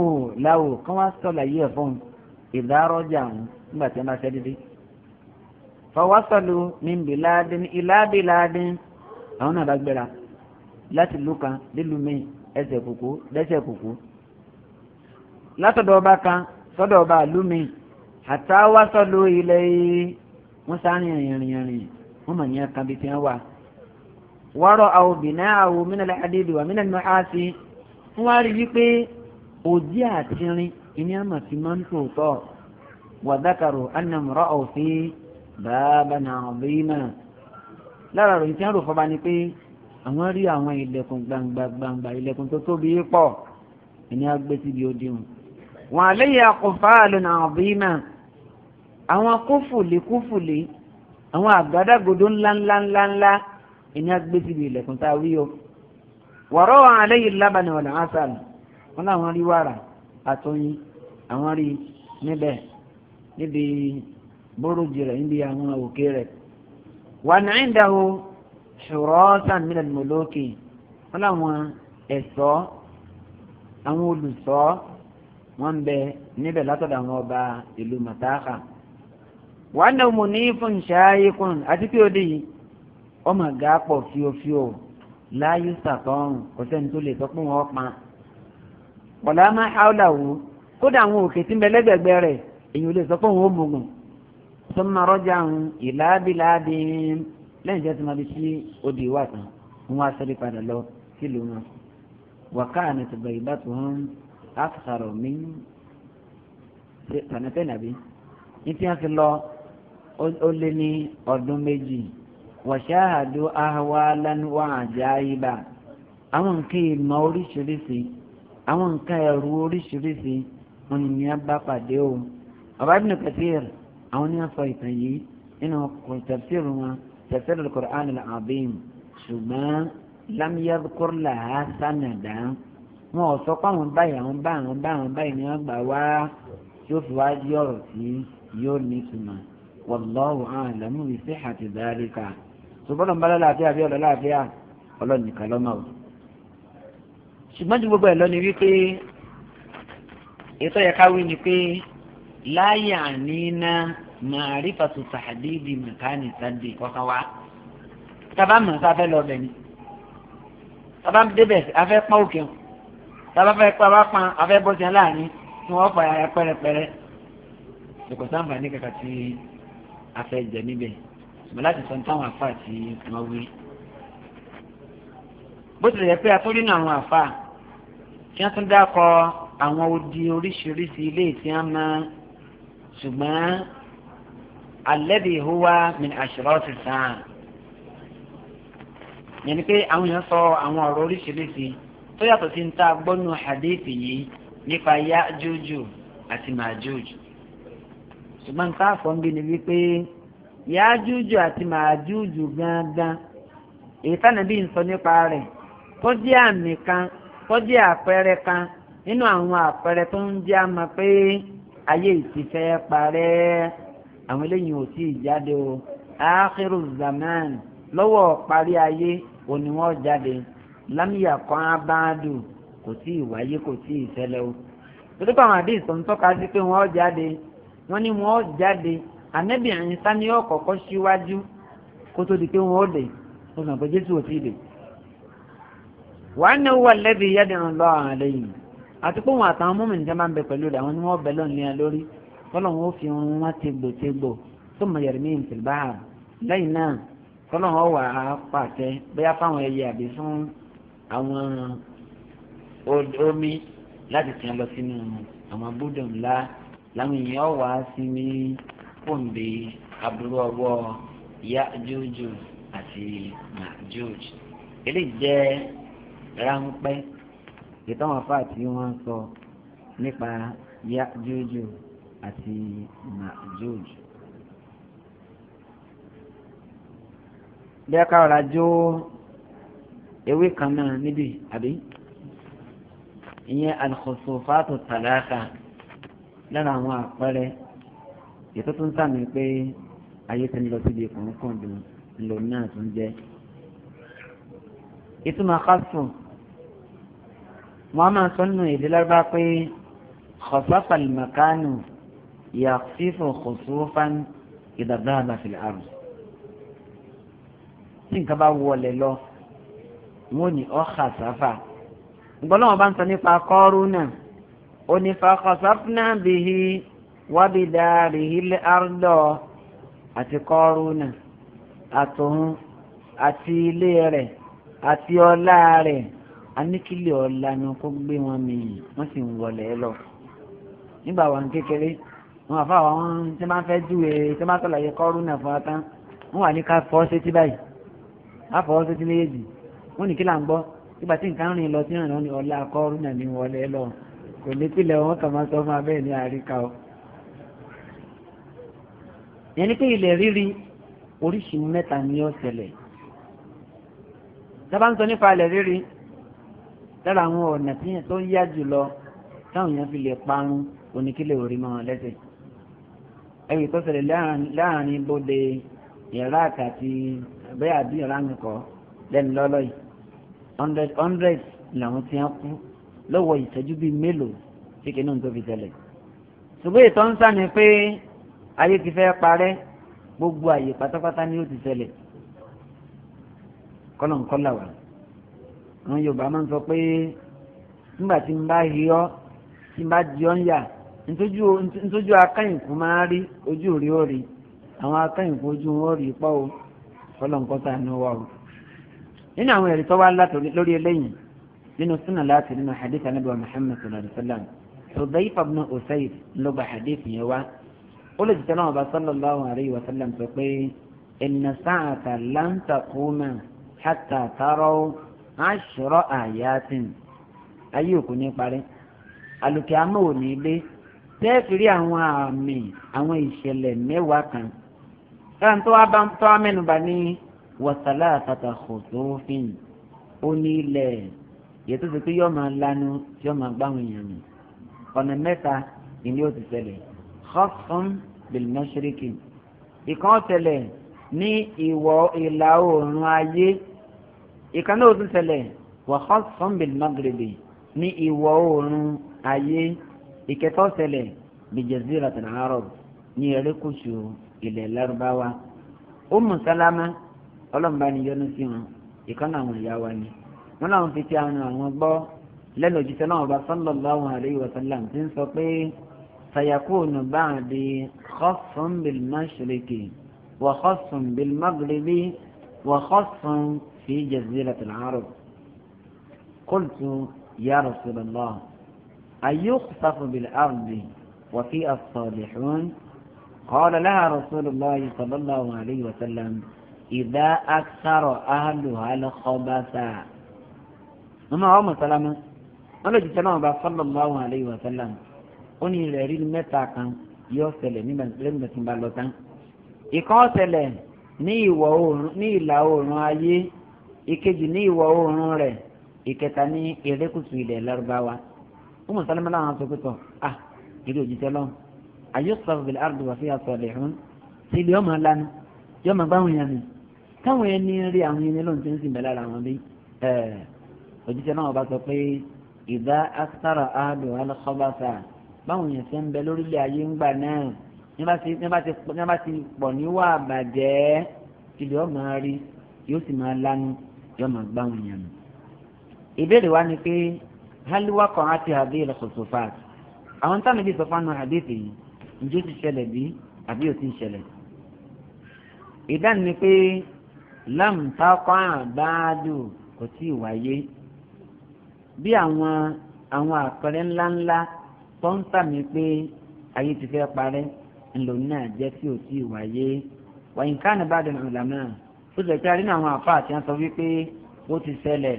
[SPEAKER 1] làwò kí wọ́n sọ̀lá yìí ẹ̀ fún ìdárọ́jà wọn nígbà tí wọ́n bá fẹ́ dídí. fọwọ́sọ̀lù min biladin ila biladin àwọn náà bá gbéra láti ìlú kan nílùú míì ẹsẹ̀ kùkú lẹ́sẹ̀ kùkú. látọ̀dọ̀ ọba kan sọ́dọ̀ ọba ìlú míì àtàwọ́sọ̀lù ilẹ̀ wọ́n sáré rìnrìnrìn wọ́n mọ̀ ní ẹ̀ka bíi tí wọ́n wà wọ́rọ̀ àwọn bìnrin àwọn mìíràn àdéhùn wà mìíràn náà á sí wọ́n wá rí wípé òdí àtirin ìní àmọ̀ sí máa ń tòótọ́ وذكروا أنهم رأوا فيه بابا عظيما lára ròyìn tí wọ́n rò fọba ni pé àwọn rí àwọn ilẹ̀kùn gbangba gbangba ilẹ̀kùn tó tóbi pọ̀ ẹni agbé síbi òdiwọ̀n. wọn àléyé akọfáàlù náà àbímà àwọn kófùlì kófùlì àwọn àgádágodo ńláńlá ńláńlá ẹni agbé síbi ilẹ̀kùn tá a wí o. wọ̀rọ̀ wọn àléyé lábàánì wọ̀lẹ̀ ásàlù wọn làwọn rí wàrà àtọyìn àwọn rí níbẹ̀ níbi bóròjì rẹ̀ níbi àwọn òkè rẹ̀ wà ní ìdáwó ṣùrọ́sàn mílẹ̀ mọ́lókè wọn làwọn ẹ̀ṣọ́ àwọn olùṣọ́ wọn bẹ níbẹ̀ látọ̀dọ̀ àwọn ọba ìlú màtáàkà wà ní ọmọ ní fún ṣááyékùn àti pé ó dé yìí ọmọ àga pọ̀ fíofíò láyé sàtọ́rùn kò sẹ́ni tó lè sọ pé wọ́n pa ọ̀làmá áúláwò kódà àwọn òkè tí ń bẹ lẹ́gbẹ̀gbẹ̀ rẹ̀ èyí ò lè sọ pé òun ó mọ̀gùn tó máa rọ́jà ń ìlàbílàbí lẹ́yìn tí a ti máa fi sí odi ìwà tán ń wá sẹ́rí padà lọ sílùú wọn. wàká ni tìgbà ìbá tó ń àkàrọ̀ mí tànàtẹ́ nàbí ní tí wọ́n ti lọ ó lé ní ọdún méjì wàṣáàdó ahwa lánàá àwọn nǹkan ìmọ̀ oríṣiríṣi àwọn nǹkan ẹ̀rù oríṣiríṣi wọn ni ní a bá bàbá ibn Kathir àwọn ní wọ́n sọ ìtàn yìí nínú tafsir wọn tafsir al-Qur'an al-Azim ṣùgbọ́n lam yadhkur laha sanada wọn ò sọ pé àwọn báyìí àwọn bá àwọn bá àwọn báyìí ni wọ́n gbà wá tí ó fi wá yí ọ̀rọ̀ sí yóò ní ìtumọ̀ wallahu a'lamu bi sihhati dhalika ṣùgbọ́n ọ̀nà láàfíà bí ọ̀lọ́ láàfíà ọlọ́nìkan lọ́mọ o. ṣùgbọ́n ju gbogbo ẹ̀ lọ ni wípé ètò ẹ̀ka wí ni pé láyà níná màrífàtú tàdídì mẹkánì sàdé kọ́kọ́ wa tàbá mọ̀ sáfẹ́ lọ bẹ̀ ni tàbá débẹ̀ afẹ́ pọ́n òkè o tàbá fẹ́ pa wá pa afẹ́ bọ́ sí aláàárín tí wọ́n fa ẹ pẹ́rẹpẹ́rẹ́ kò sáǹfà ní kàkà tí afẹ́ jẹ níbẹ̀ ṣùgbọ́n láti sọ táwọn afa àti wọn wí. bó tilẹ̀ pé atúrí náà àwọn afa kí wọ́n tún dákọ̀ àwọn odi oríṣiríṣi ilé tí wọ́n ṣùgbọ́n alladhi huwa min ashrati sa'a yẹnni pé àwọn èèyàn sọ àwọn ọ̀rọ̀ oríṣiríṣi tó yàtọ̀ sí ń ta gbọ́nù hadithi yìí nípa Ya'juju àti Ma'juju ṣùgbọ́n nǹkan àfọ̀nbí ni wípé Ya'juju àti Ma'juju gángan èyí tánàbí ń sọ nípa rẹ̀ tó jẹ́ àmì kan tó jẹ́ àpẹẹrẹ kan nínú àwọn àpẹẹrẹ tó ń jẹ́ pé. ayé ìtì fẹ́ parẹ́ àwọn eléyìí ò tí ì jáde o áàkìrù zaman lọ́wọ́ parí ayé òní wọ́n jáde lámìyà kan abáàdù kò tí ì wáyé kò tí ì ṣẹlẹ̀ o torí pé àwọn àdéhùn tó ń tọ́ka sí pé wọ́n jáde wọ́n ní wọ́n jáde ànẹ́bí àyìnsá ni yóò kọ́kọ́ síwájú kó tó di pé wọ́n dé ó sàn pé jésù ò tí ì dé wàá ní owó alẹ́ bí yá dẹ̀rùn lọ́wọ́ àlẹ́ yìí àti pé wọn àtàwọn mọ́mìnì jẹ́ máa ń bẹ pẹ̀lú rẹ̀ àwọn ni wọ́n bẹ lọ́nà yẹn lórí tọ́lọ́hún ó fi irun wọn tegbòtegbò tó mọ yẹrẹ ní ìtìlbá lẹ́yìn náà tọ́lọ́hún ó wà á pàṣẹ bóyá fáwọn ẹyẹ àbí fún àwọn omi láti tẹ̀ lọ sínú àwọn abúdó ńlá làwọn èèyàn ó wà á sí ní pòǹdé aburú ọwọ́ Yájújù àti Májújù eléyìí jẹ́ ráńpẹ́ ìtàn wọn fáà tí wọ́n sọ nípa Yájújù àti Májújù. bí a káwọn rajo ewé kan náà níbí àbí ìyẹn alkhusufatu thalatha lára àwọn àpẹẹrẹ ètò tó ń sàmì pé ayé ti ń lọ síbi kọ̀ọ̀kan lò náà tó ń jẹ́ ìtumọ̀ kásùn muhammad sọ́nù èdè lárúbá pé kọ̀sáfà lìmọ̀kánù yàfífò kòsófán ìdàgbà àbàfìlẹ̀ àrùn. tí nǹkan bá wọlé lọ wọn ò ní ọ kọ̀sáfà gbọ́dọ̀ wọn bá ń sọ nípa kọ́ọ́rù náà ó ní fa kọ̀sáfúnà bìhí wábìdá rìhílì àrùdọ̀ àti kọ́ọ́rù náà àtòun àti ilé rẹ̀ àti ọlá rẹ̀ aníkílẹ̀ ọ̀la ni kó gbé wọn mìíì wọ́n sì ń wọlé lọ. nígbà wà ní kékeré wọn àfa àwọn tí wọ́n fẹ́ júwe tí wọ́n sọ̀làyé kọ́rú náà fún atán wọ́n wà ní ká fọ́ sétí báyìí á fọ́ sétí méjèèjì wọ́n ní kí là ń gbọ́ nígbà tí nǹkan rìn lọ sí ìrìn ní ọ̀la kọ́rú náà ni wọlé lọ kò ní pílẹ̀ wọn kàn máa sọ fún abẹ́ẹ̀ ní àríkà o. yẹn ni pé ilẹ̀ rírí oríṣi mẹ́ta ni ó ṣẹlẹ̀. tábà ń sọ nípa ilẹ̀ rírí lára àwọn ọ̀nà tó ń yá jùlọ táwọn èèyàn fi lè parun oníkílẹ̀ orí mọ́ lẹ́sẹ̀ ẹ̀yìn tó ṣẹlẹ̀ láàrin bóde iraq àti bẹ́ẹ̀ àbí ìránì kọ́ lẹ́nu lọ́lọ́ yìí hundred hundred làwọn ti hàn kú lọ́wọ́ ìṣẹ́jú bíi mélòó tí kìnnìún tó fi ṣẹlẹ̀ ṣùgbọ́n ìtọ́ ń sàní pé ayé ti fẹ́ parẹ́ gbogbo àyè pátápátá ni ó ti ṣẹlẹ̀ kọ́lọ̀ ń kọ́ làwọn àwọn yorùbá máa ń sọ pé nígbà tí n bá yí ọ tí n bá di ọ ń yà ntójú akáyìnkù máa rí ojú rí ó rí àwọn akáyìnkù ojú wọn ó rí pọ́ o kọ́lọ́nkọ́ta ni wà o. nínú àwọn ẹ̀rí tó wá lórí eléyìí nínú súnà láti nínú hadith anábìwá muhammed sallallahu alayhi wa sallam Hudhayfa ibn Usayd ló gba hadith yẹn wá ó lè jìtẹ́ náà bá sallallahu alayhi wa sallam sọ pé inna sa'ata lan taquma hatta taraw aṣọrọ àyàtìn ayé òkú ní parí àlùkè àmọ́ òní ilé tẹ́ẹ̀fìrí àwọn àmì àwọn ìṣẹ̀lẹ̀ mẹ́wàá kan ẹ̀rọ tó wá bá ń tọ́ mẹ́nuba ní wọ̀sálà àtàtà kòtòfin òní ilẹ̀ yẹtò tó pé yọ́ọ́ máa lanu tí yọ́ọ́ máa gbáwọn èèyàn mi ọ̀nà mẹ́ta ìní ó ti ṣẹlẹ̀ khọ́fún bìlmọ́ṣíríkì ìkan ó ní ìwọ̀ ìlà oòrùn ayé ìkànnì òtún ṣẹlẹ̀ wà khassan bil maghribi ní ìwọ̀ oòrùn ayé ìkẹtọ́ ṣẹlẹ̀ bi jaziratil arab ní erékùṣù ilẹ̀ lárúbáwá Ummu Salama ọlọ́mùbá ni yọnu sí wọn ìkànnì àwọn ìyá wa ni wọn làwọn fi ti àwọn àwọn gbọ́ lẹ́nu òjíṣẹ́ náà ọba sallallahu alayhi wa sallam ti ń sọ pé sayakunu ba'di khassun bil mashriqi wa khassun bil wa khassun في جزيرة العرب قلت يا رسول الله أيخصف بالأرض وفي الصالحون قال لها رسول الله صلى الله عليه وسلم إذا أكثر أهلها الخبث أما أم سلمة أنا جيت أنا صلى الله عليه وسلم أني لرين متى كان يوصل نبن لمن تنبالوتان ìkọ́sẹ̀lẹ̀ ní ìwọ̀ oòrùn ní ìlà oòrùn ayé ìkejì ní ìwọ̀ oòrùn rẹ̀ ìkẹta ní erékùsù ilẹ̀ lárúbáwá ọmọ sálámà làwọn sọ pé tọ à ìdí òjijì lọ àyè sọ̀rọ̀ bìlẹ̀ àrùn wà sí àṣọ rẹ̀ hàn ilé ọmọ lánà yọ ọmọ gbáhùn yẹn ni káwọn yẹn ní rí àwọn yẹn lóhùn tí ń sìn bẹ́ẹ̀ lára wọn bí òjijì náà bá sọ pé ìdá asára àádùn alẹ́kọ́bàṣà báwọn yẹn ṣe ń bẹ lórílẹ̀ ayé ń gbà náà ní bá ti pọ̀ níwà àbàjẹ́ ilé ọmọ rí yóò sì máa lánàá yóò máa gbá wọn yàn. ìbéèrè wa ni pé haliwa kan á ti àbí ìlọsọsọ fat àwọn táwọn ibi ìsọfún àwọn àdéhùn yìí ǹjẹ́ ó ti ṣẹlẹ̀ bí àbí ó ti ń ṣẹlẹ̀. ìdáhùn ni pé lámùtákọ́ àbáàdù kò tí ì wáyé bí àwọn àwọn àpẹẹrẹ ńláńlá tó ń sàmì pé ayé ti fẹ́ parẹ́ ńlò náà jẹ́ tí ò tí ì wáyé wàyínká ni bá dùn ọ̀làmọ́ bó tilẹ̀ pé arínú àwọn àfa àti wọn sọ wípé ó ti ṣẹlẹ̀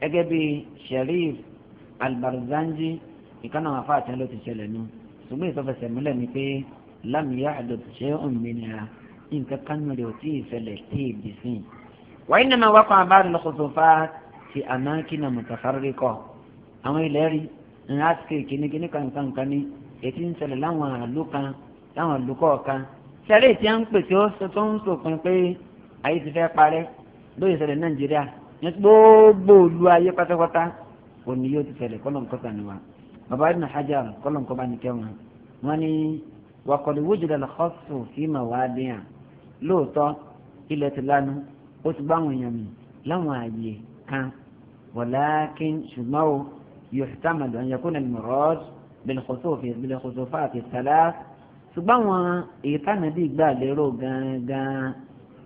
[SPEAKER 1] gẹ́gẹ́ bí Sharif Al-Barzanji ìkànnì àwọn àfa àti wọn ló ti ṣẹlẹ̀ nu ṣùgbọ́n ìsọfẹsẹ̀ múlẹ̀ ni pé lámìyá àdòtò ṣe ń mìíràn nǹkan kan rẹ̀ ò tí ì ṣẹlẹ̀ tí ì bì sí. wàá iná máa wákọ̀ àbá lọ́kọ̀tò fa ti ànákìnà mùtàfárí kọ̀ àwọn ilẹ̀ rí ń áṣíkè kínníkínní kankankan ní ètí ń ṣẹlẹ̀ láwọn àlù kan láwọn àlù kọ̀ọ̀kan ṣẹlẹ̀ tí a ń pèsè ó tó ń sòpin pé ayé ti fẹ́ parẹ́ lóye ṣẹlẹ̀ nàìjíríà ní gbogbo olú ayé pátápátá òní yóò ti ṣẹlẹ̀ kọ́lọ̀ nǹkan tàn wá bàbá ibn hajar kọ́lọ̀ nǹkan bá ní kẹ́wọ̀n wọn ni wàkọ̀lù wújúdà lọ́kọ́sù fi mà wá dín à lóòótọ́ ilẹ̀ ti lánú ó ti báwọn èèyàn mi láwọn ààyè kan wọ̀láàkín ṣùgbọ́n o yóò fi tá màdùn yẹ nà mọ̀rọ́d bẹ̀lẹ̀kọ̀sọ̀ fà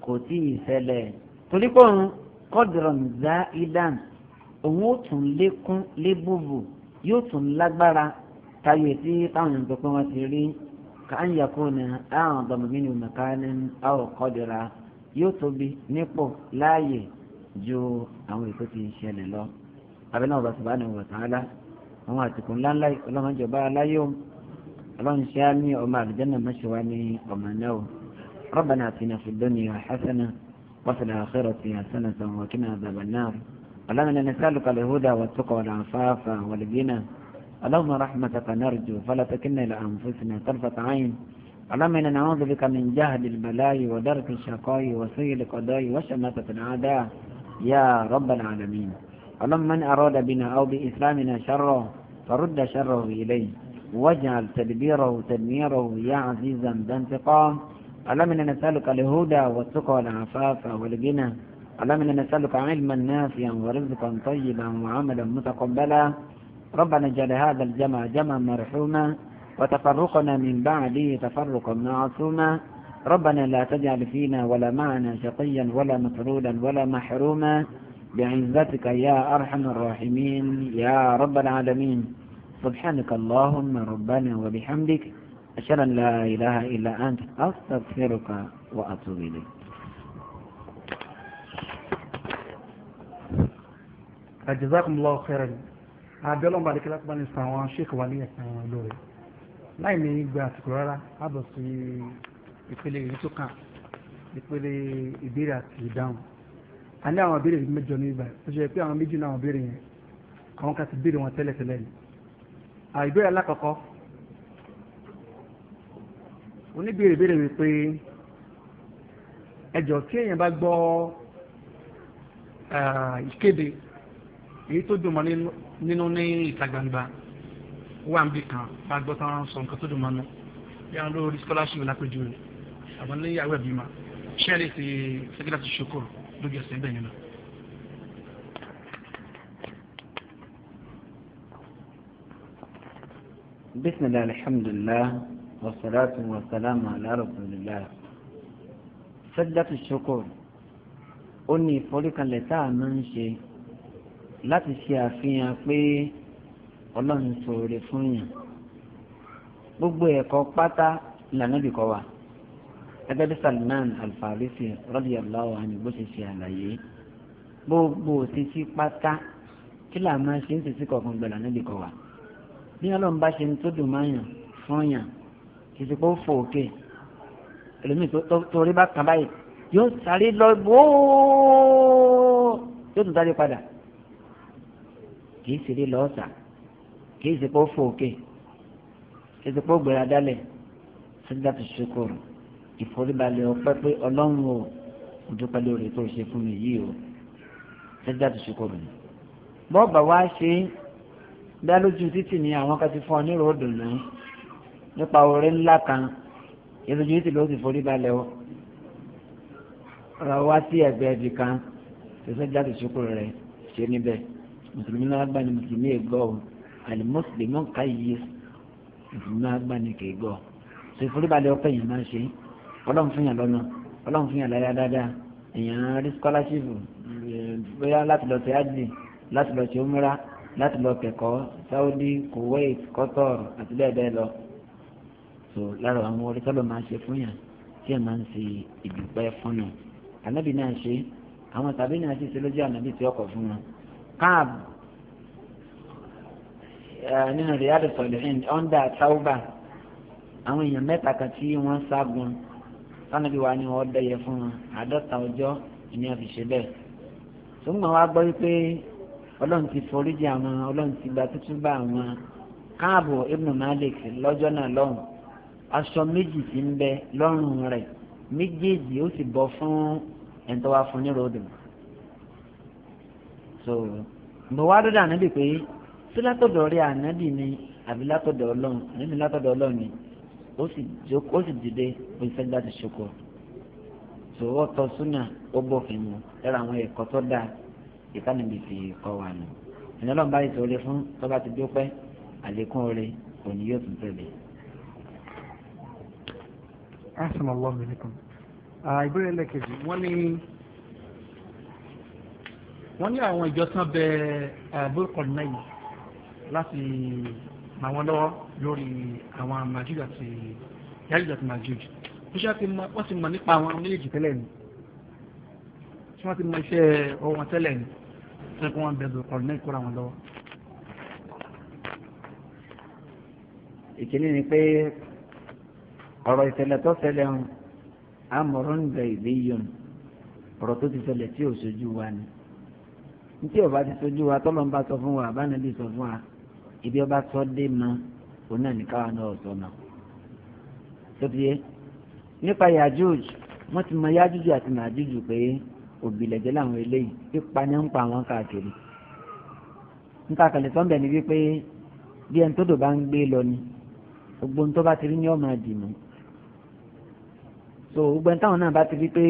[SPEAKER 1] kò tí ì ṣẹlẹ̀ torí pé òun kọ́dùrọ̀n zá idan òun ó tún lékún lébùbù yóò tún lágbára tayọ tí táwọn èèyàn tó pé wọ́n ti rí káà ń àwọn ọ̀dọ́mọ̀mí ni òmìnira ní àwọn kọ́dùrà yóò tóbi nípò láàyè ju àwọn ètò tí ń ṣẹlẹ̀ lọ abẹ́lẹ́ ọba subhanahu wa ta'ala àwọn àtìkù ńláńlá ọlọ́mọdé ọba aláyọ̀ ọlọ́run ṣe á ní ọmọ àlùjànnà mọ́ṣẹ́wá ní ọmọ náà. ربنا اتنا في الدنيا حسنة وفي الآخرة حسنة وكنا عذاب النار اللهم نسألك الهدى والتقى والعفاف والغنى اللهم رحمتك نرجو فلا تكلنا إلى أنفسنا طرفة عين اللهم إنا نعوذ بك من جهل البلاء ودرك الشقاء وسيء القضاء وشماتة الأعداء يا رب العالمين اللهم من أراد بنا أو بإسلامنا شره فرد شره إليه واجعل تدبيره تدميره يا عزيزا ذا انتقام اللهم إنا نسألك الهدى والتقى والعفاف والغنى اللهم إنا نسألك علما نافيا ورزقا طيبا وعملا متقبلا ربنا اجعل هذا الجمع جمعا مرحوما وتفرقنا من بعده تفرقا معصوما ربنا لا تجعل فينا ولا معنا شقيا ولا مطرودا ولا محروما بعزتك يا أرحم الراحمين يا رب العالمين سبحانك اللهم ربنا وبحمدك أشهد أن لا إله إلا أنت أستغفرك وأتوب إليك
[SPEAKER 2] جزاكم الله خيرا àbẹ̀lọ́ bá dékẹ́lá tó bá ní sàn àwọn ṣéèkì wa ní ẹ̀sìn àwọn olóore láì ní gba àsìkò rárá a bọ̀ sí ìpele èyí tó kàn ìpele ìbéèrè àti ìdáhùn a ní àwọn ìbéèrè mẹ́jọ ní ibà tó ṣe pé àwọn méjì ní àwọn ìbéèrè yẹn àwọn kan ti béèrè wọn tẹ́lẹ̀tẹ́lẹ̀ ni ìbéèrè alákọ̀ọ́kọ́ oníbèrè béèrè wípé ẹjọ́ tí èèyàn bá gbọ́ eh, ìkéde èyí tó dùn mọ́ nínú ní ìta gbangba wà ń bì kan bá gbọ́ tán sọ nǹkan tó dùn mọ́ nù bí àwọn olórí scholarship lápẹjù rẹ̀ àwọn ní ìyàwó ẹ̀bí ma ṣẹ́ẹ̀lì ti sẹ́kẹ́dà ti ṣokòrò lójú ẹsẹ̀ bẹ́ẹ̀ yẹn lọ.
[SPEAKER 1] بسم الله الحمد لله والصلاة والسلام على رسول الله سجدة الشكر أني ní ìforíkalẹ̀ tá a máa ń ṣe láti ṣe àfihàn pé ọlọ́run ṣoore fún yàn gbogbo ẹ̀kọ́ pátá ìlànà ibìkọ́ wa gẹ́gẹ́ bí Salman Al-Farisi radiyallahu anhu bó ṣe ṣe àlàyé gbogbo òṣìṣì pátá kí là máa ṣe ń ṣiṣì kọ̀ọ̀kan gbẹ̀là níbìkọ́ wa bí ọlọ́run bá ṣe ń tó dùn máa yàn fún yàn kìsì kó fò òkè ẹlòmíì torí bá kàn báyìí yóò sáré lọ gbóó yóò tún sáré padà kìí sèré lọ́ọ̀sà kìí sèpọ̀ fò òkè kìí sèpọ̀ gbéra dálẹ̀ sọ́jà tó ṣokòrò ìforíbalẹ̀ ọpẹ́ pé ọlọ́run o ìdúpẹ́ lórí tó ṣe fún mi yìí o sọ́jà tó ṣokòrò ni. bọ́ọ̀bà wá ṣe dá lójú títì ní àwọn kan ti fún ọ nírò òdùnnú nípa orí ńlá kan ìṣojú yìí sì ló sì forí balẹ̀ o ra wá sí ẹgbẹ́ ibì kan tẹ̀sán jáde ṣukúrò rẹ̀ ṣe níbẹ̀ mùsùlùmí náà gbani mùsùlùmí ègbọ́ o àlè mùsùlùmí ń káyé mùsùlùmí náà gbani kèégbọ́ ṣe forí balẹ̀ ọ̀pẹ̀ yìí máa ṣe ọlọ́run fún yàn lọ́nà ọlọ́run fún yàn láyà dáadáa èèyàn rí scholarship eh, bóyá láti lọ sí ájì láti lọ sí omira láti lọ kẹ́kọ̀ọ́ Saudi Kuwait Qatar àti bẹ́ẹ̀ bẹ́ẹ̀ lọ so lára àwọn orí sábà máa ṣe fún yàn tí ẹ máa ń ṣe ìdúpẹ́ fún yàn ànábì náà ṣe àwọn tàbí náà ṣe ṣe lójú ànábì tí ọkọ̀ fún wọn káàb nínú riyadu sọlẹ́hìn ọ̀ndà tàwùbà àwọn èèyàn mẹ́ta kan tí wọ́n ságun sanabi wa ni wọ́n dẹ́yẹ fún wọn àádọ́ta ọjọ́ ìní àfi ṣe bẹ́ẹ̀ tó ń gbọ́n wá gbọ́ wípé ọlọ́run ti foríjì àwọn ọlọ́run ti gba tútú bá àwọn káàbù ibnu malik lọ́jọ́ náà lọ́hùn aṣọ méjì tí ń bẹ lọ́rùn rẹ̀ méjèèjì ó sì bọ́ fún ẹni tó fún ní so ǹbọ̀ wá dọ́dọ̀ ànábì pé sí látọ̀dọ̀ rí ànábì ni àbí látọ̀dọ̀ ọlọ́run ànábì látọ̀dọ̀ ọlọ́run ni ó sì jókòó ó sì dìde ó sì fẹ́ láti ṣokò so ó tọ́ súnà ó bọ̀fin mu lára àwọn ẹ̀kọ́ tó dáa ìtànìbì fi kọ́ wa nù ẹ̀yìn ọlọ́run bá sọ orí fún tọ́ba ti dúpẹ́ àlékún orí òní yóò tún tẹ̀lé
[SPEAKER 2] ahsan allah alaikum ah, ìbéèrè lẹ́kẹ̀jì wọ́n ní wọ́n ní àwọn ìjọsán bẹ burúkọ̀n eh, náà láti ràn wọ́n lọ́wọ́ lórí àwọn majid àti yajid àti majid iṣẹ́ ti mọ wọ́n ti mọ̀ nípa àwọn méjèèjì tẹ́lẹ̀ ni tí wọ́n ti mọ iṣẹ́ ọwọ́n tẹ́lẹ̀ ni tí wọ́n bẹ burúkọ̀n náà kóra wọn lọ́wọ́.
[SPEAKER 1] ìkíní ni pé ọ̀rọ̀ ìṣẹ̀lẹ̀ tó ṣẹlẹ̀ ń amọ̀rún gba yọ̀n ọ̀rọ̀ tó ti ṣẹlẹ̀ tí ò ṣojú wa ni ntí ọba ti ṣojú wa tọ́lọ́ ń bá sọ fún wa àbánibí sọ fún wa ibi ọba sọ dé ma òun náà ní káwa náà sọ ma sọ́tìyẹ nípa Yájújù wọ́n ti mọ Yájújù àti Májújù pé òbílẹ̀jẹ́ làwọn eléyìí pípa ní ń pa àwọn káàkiri nǹkan àkàlẹ̀ sọ́ńbẹ̀ ni wípé bí ẹni tó dò bá ń gbé lọ ni gbogbo ohun tó bá ti rí ní ọmọ àdìmọ́ so gbogbo ẹni táwọn náà bá ti rí pé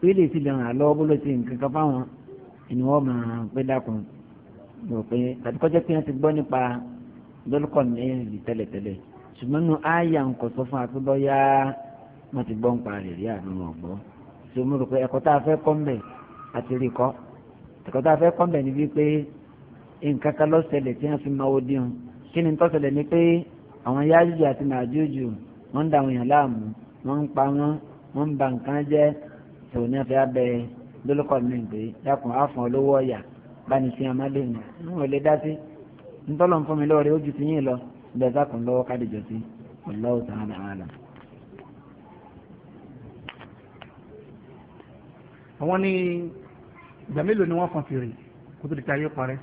[SPEAKER 1] pé lè ti lè ràn án lọ́wọ́ bó ló ti nǹkan kan fáwọn ẹni wọ́n máa pé dákun rò pé tàbí kọjá pé wọ́n ti gbọ́ nípa lórúkọ mẹ́rin tẹ́lẹ̀tẹ́lẹ̀ ṣùgbọ́n nu àyà ń kọ̀ sọ fún akúbọ́yá wọ́n ti gbọ́ ń pa rẹ̀ rí àdúrà ọ̀gbọ́ so mo rò pé ẹ̀kọ́ tá a fẹ́ kọ́ mbẹ̀ àti rí kọ́ ẹ̀kọ́ tá a fẹ́ kọ́ mbẹ̀ ni wípé nǹkan kan lọ́sẹ̀lẹ̀ tí wọ́n fi máa wọ́n dín kí ni tọ́sẹ̀lẹ̀ ni pé àwọn yájújù àti màjújù wọ́n ń da àwọn èèyàn láàmú wọ́n ń pa wọ́n wọ́n ń ba nǹkan jẹ́ tòun ní ọ̀fẹ́ abẹ lólùkọ́ mi gbé dákun àfọ̀n olówó ọ̀yà báni sí amáde mi níwọ̀n lè dá sí ntọ́lọ̀ ń fún mi lọ́wọ́ rẹ ojú ti yín lọ bẹ́ẹ̀ sákùn lọ́wọ́ kádìjọ sí ọ̀làwọ̀ sàn án àlà.
[SPEAKER 2] àwọn ní ìgbà mélòó ni wọ́n fọn fèrè kó tó di ká yé parẹ́.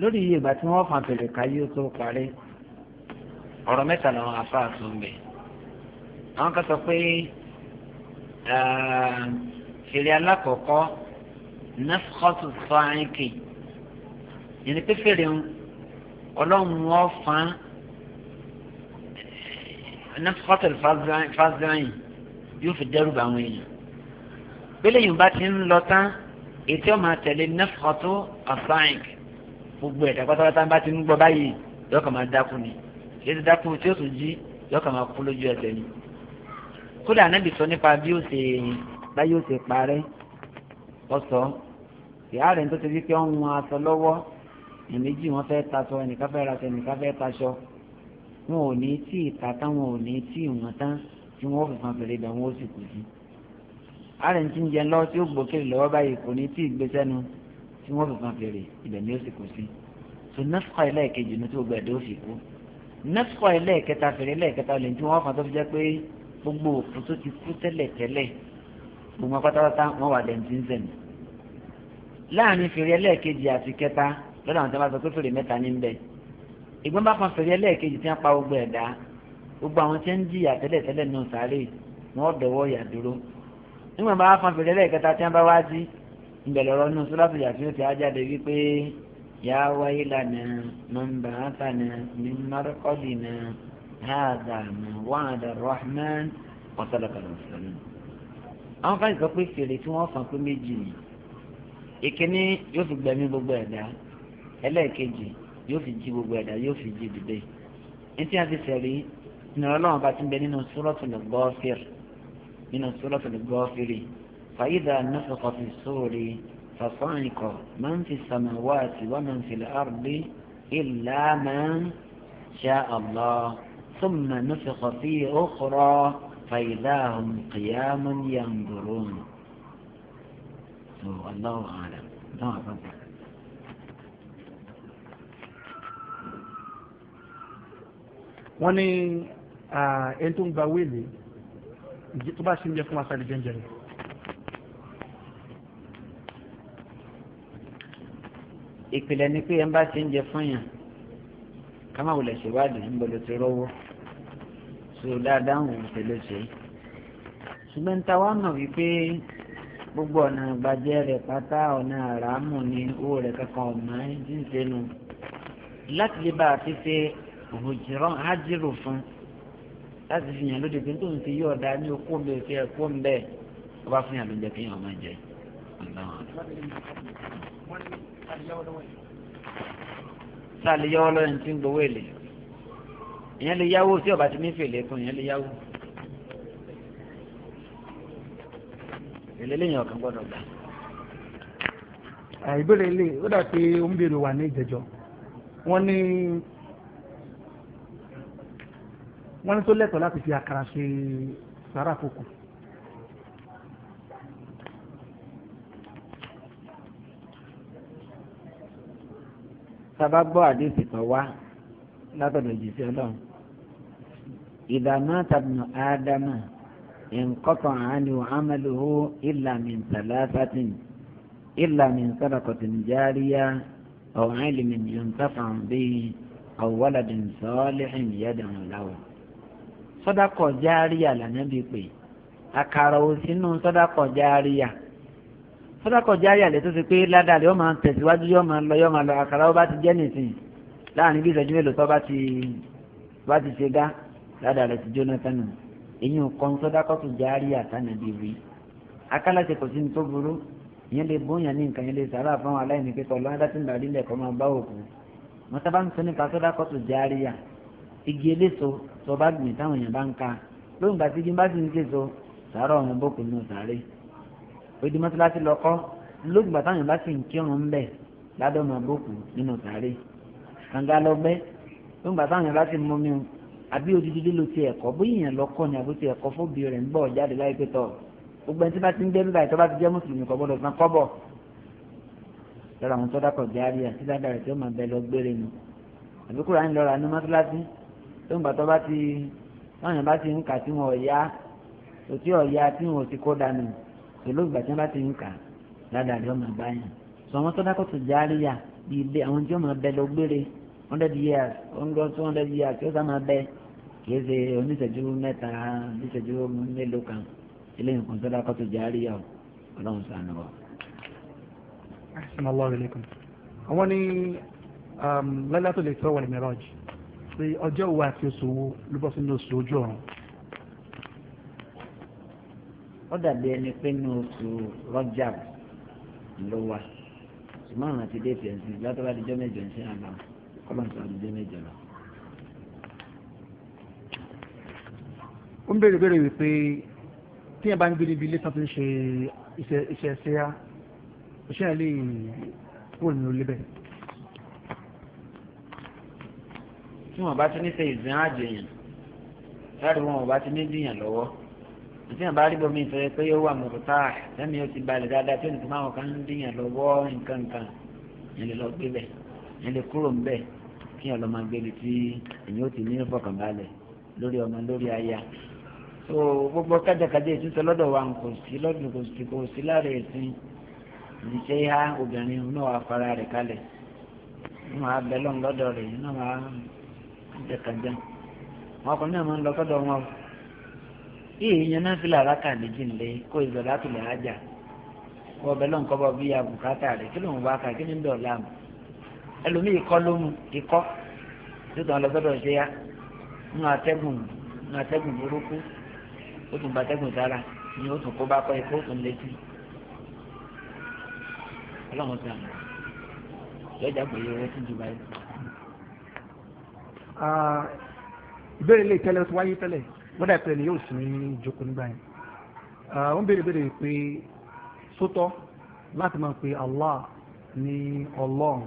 [SPEAKER 2] lórí iye ìgbà tí wọ́n fọn fèrè ká yé tó parẹ́ ọ̀rọ̀
[SPEAKER 1] mẹ́ta làwọn afáà tún bẹ̀ àwọn kan sọ pé eh, fèrè alákọ̀ọ́kọ́ nafkọ́tù fáńkì yẹnni pé fèrè ọlọ́run wọn fan eh, nafkọ́tù fáńkì yóò fi dẹ́rù bá àwọn èèyàn bẹ́lẹ̀ yìí bá ti ń lọ tán ètò ọmọ àtẹ̀lé nafkọ́tù fáńkì gbogbo ẹ̀dá pátápátá bá ti ń gbọ́ báyìí yọkàn máa dákú ni kì í ti dákú tí ó tún jí yọkàn máa kú lójú ẹsẹ̀ ni kódà anábì sọ nípa bí ó ṣe báyìí ó ṣe parẹ́ ọ̀sọ́ ìyá rẹ̀ tó ti di pé ó ń wọn aṣọ lọ́wọ́ ẹ̀mẹ́jì wọn fẹ́ taṣọ ẹnìkan fẹ́ raṣọ ẹnìkan fẹ́ taṣọ wọn ò ní tí ìta tán wọn ò ní tí ìwọ̀n tán tí wọn ò fi fan fèrè dàn wọn ó sì kù sí. ààrẹ ti ń jẹ lọ tí ó gbòkèrè lọ́wọ́ báyìí kò ní tí ìgbésẹ́ nu tí wọn ò fi fan fèrè ibẹ̀ ni ó sì kù sí. sọ náà fà ẹ́ lẹ́ẹ̀kejì ní tí gbogbo ẹ̀dọ́ fi kú nẹ́tíkọ̀ ẹlẹ́ẹ̀kẹta fèrè ẹlẹ́ẹ̀kẹta lè ju wọn kan tó fi jẹ́ pé gbogbo òkú tó ti kú tẹ́lẹ̀ tẹ́lẹ̀ gbogbo pátápátá wọn wà lẹ́yìn tí ń sẹ̀mí. láàrin fèrè ẹlẹ́ẹ̀kejì àti kẹta lọ́dọ̀ àwọn tí wọ́n bá sọ pé fèrè mẹ́ta ní bẹ́ẹ̀. ìgbọ́n bá kan fèrè ẹlẹ́ẹ̀kejì tí wọ́n pa gbogbo ẹ̀dá gbogbo àwọn tí ń jìyà tẹ́lẹ̀ tẹ́lẹ̀ nù sáré wọn dọ̀wọ́ yà dúró. nígbà bá kan fèrè ẹlẹ́ẹ̀kẹta tí wọ́n يا ويلنا من بعثنا من مرقدنا هذا ما وعد الرحمن وصدق المرسلون àwọn kan sọ pé fèrè tí wọ́n fọn pé méjì ni ìkíní yóò fi gbogbo ẹ̀dá ẹlẹ́ẹ̀kejì yóò fi jí gbogbo ẹ̀dá yóò fi jí dìde etí a ti sẹ̀rí ìnáwó ọlọ́run bá ti ń bẹ nínú nínú فصعق من في السماوات ومن في الأرض إلا من شاء الله ثم نفخ في أخرى فإذا هم قيام ينظرون الله أعلم نعم
[SPEAKER 2] wọ́n ní آه، ẹni tó ń gba wíìlì tó bá ṣe ń jẹ fún àṣà ìjẹ́jẹ́ rẹ̀
[SPEAKER 1] ìpìlẹ̀ ni pé ẹ ń bá ṣe ń jẹ fún yàn ká má wulẹ̀ ṣèwádìí ń bọ̀ ló ti rọ́wọ́ so dáadáa ń wò ó ṣe ló ṣe ṣùgbọ́n ń ta wá mọ̀ wípé gbogbo ọ̀nà àgbàjẹ́ rẹ̀ pátá ọ̀nà àràámù ni owó rẹ̀ kankan ọ̀nà jíǹde nu láti lè bá a fi ṣe òhùjìrán ájírò fún láti fi yàn lóde pé tó ń fi yí ọ̀dà ní okó mi fi ẹ̀kọ́ ń bẹ́ẹ̀ ọba fún yàn ló jẹ́ kéèyàn máa jẹ ọ̀nà
[SPEAKER 2] ọ̀nà sáà
[SPEAKER 1] lè yáwó lọ́wọ́ ẹni tí ń gbowó èlé ìyẹn lè yáwó tí ọba ti ní fèlè kún ìyẹn lè yáwó
[SPEAKER 2] èlé lèyìn ọ̀kan gbọ́dọ̀ gbà. ìbéèrè ilé ó dà pé ó ń béèrè wà ní ìjẹjọ wọ́n ní wọ́n ní tó lẹ́tọ̀ọ́ láti fi àkàrà ṣe sàrà
[SPEAKER 1] sábà gbọ́ àdéhùn tó wá látọ̀dọ̀ jìṣẹ́ ọlọ́run ìdààmú àtàbùnú ádámà ìǹkọ́tọ̀ àánú amaluhu illa min thalathatin illa min sadaqatin jariya aw ilmin yuntafa'u bihi aw waladin salihin yad'u lahu. sọ́dàkọ̀ járíyà lànà bíi pé àkàrà òsínú sọ́dàkọ̀ járíyà sọdọkọ jẹ àyàlẹ tó ṣe pé ládàlẹ yóò máa tẹsíwájú yóò máa lọ yóò máa lọ àkàrà ó bá ti jẹ nìsín láàrin bí ìṣẹ́jú mélòó tó bá ti bá ti ṣe gá ládàlẹ ti jóná sánà èyí ò kàn sọdọkọ tó jẹ àríyá sánà bí wí. akálàṣe kò sí ní tó burú ìyẹn lè bóyá ní nǹkan yẹn lè sàrà fáwọn aláìní pé tọ́lọ́ adásí ìgbà lílẹ̀ kọ́ máa bá òkú wọn sábà ń sọ nípa sọdọkọ tó jẹ àríyá igi eléso tó gbìn táwọn èèyàn bá ń ka lóyún gbàtíjì bá ti ń ṣèso sàárọ̀ ọ̀hún bókun nù sàárẹ̀ odi mọ́sálásí lọ́kọ́ lóògbà táwọn bá sì ń kírun ń bẹ̀ ládọ́mọ bókù nínú sàárè kànga lọ́gbẹ́ lóògbà táwọn bá sì mú mi àbí odidi lílo ti ẹ̀kọ́ bóyá èèyàn lọ́kọ́ ni àbó ti ẹ̀kọ́ fóbi rẹ̀ ń bọ̀ jáde láìpẹ́ tọ̀ gbogbo ẹni tí bá ti ń dẹ́rù báyìí tó bá ti jẹ́ mùsùlùmí kọ́ gbọ́dọ̀ san kọ́bọ̀ lọ́la àwọn tó dákọ̀ járe àti dáadáa rẹ̀ tí ó máa bẹ lọ gbére ni àbí kúrò àyìn lọ́ra ní mọ́sálásí tó ń gbà tó bá ti wọ́n yàn bá ti ń kà tí wọn ò yá òtí ọ̀ya tí wọn ti kó dànù pẹ̀lú ìgbà tí wọ́n bá ti ń kà ládàá yọ máa báyàn sọ wọn tó dákọ̀ tó járíyà bíi ilé àwọn tí wọ́n máa bẹ lọ́gbére hundred years hundred two hundred years tí ó sá máa bẹ kìí ṣe oníṣẹ́jú mẹ́ta oníṣẹ́jú mélòó kan ilé nǹkan tó dákọ̀ tó járíyà
[SPEAKER 2] ọlọ́run sànù wọ. Assalamu alaikum. àwọn ní lálẹ́ àtọ̀lẹ̀ wà ní mẹ́rọ̀jì ọjọ́ wo àti oṣù wo ló bọ́ sínú oṣù ojú ọ̀run
[SPEAKER 1] ó dàbí ẹni pé ní oṣù Rajab ló wà ṣùgbọ́n àwọn àti déètì ẹ̀sìn látọ́lá àdìjọ́ mẹ́jọ ń ṣe àbá kọ́lọ́ǹtà àdìjọ́ mẹ́jọ lọ.
[SPEAKER 2] ó ń béèrè béèrè wípé tí ẹ bá ń gbé níbi ilé tó ń ṣe iṣẹ́ ṣíyá iṣẹ́ ẹ̀ lè wò nínú ilé bẹ́ẹ̀.
[SPEAKER 1] tí wọn bá ti ní ṣe ìsìn àjèyàn láti wọn bá ti ní dìyàn lọ́wọ́ ìtí àbá rí bomi ìtọ́jú pé yóò wà mọ̀tòtà sẹ́mi ó ti balẹ̀ dáadáa tí nǹkan máa kan ń díyàn lọ́wọ́ nǹkan kan yẹn lè lọ gbé bẹ̀ yẹn lè kúrò ń bẹ̀ kí yẹn lọ máa gbé bi tí èyí ó ti ní ìfọkànbalẹ̀ lórí ọmọ lórí aya so gbogbo kájàkájà ìtúntò lọ́dọ̀ wa kò sí lọ́dún kò sí kò sí láàrin ẹ̀sìn ìṣe ha obìnrin náà wà fara rẹ̀ kalẹ̀ wọ́n máa bẹ̀ lọ́n lọ́dọ̀ rẹ̀ náà máa kájàkájà wọn kò ní àwọn èèyàn náà fi làrá kà méjì ńlẹ kó ìzọlá tó lè hájà wọ́n bẹ̀ lọ́nkọ́ bọ́ bí abùkátà rẹ̀ kí lóun bá kà kí ní dọ̀ọ̀lá mu ẹlòmíì ikọ́ lóhun ikọ́ tó tàn lọ sọ́dọ̀ ṣe ya nínú atẹ́gùn nínú atẹ́gùn burúkú ó tún ba atẹ́gùn sára ni ó tún kó bá kọ́ ikọ́ ó tún
[SPEAKER 2] létí ọlọ́run sàn lọ́jà gbòye owó tún ju báyìí. Ah, ìbéèrè lè tẹ́lẹ̀ tó wáyé tẹ́lẹ̀ wọ́n dàpẹ́ ni yóò sinmi ní ìjókòó nígbà yẹn wọ́n béèrè béèrè pé sótọ́ láti máa pe Allah ní ọlọ́run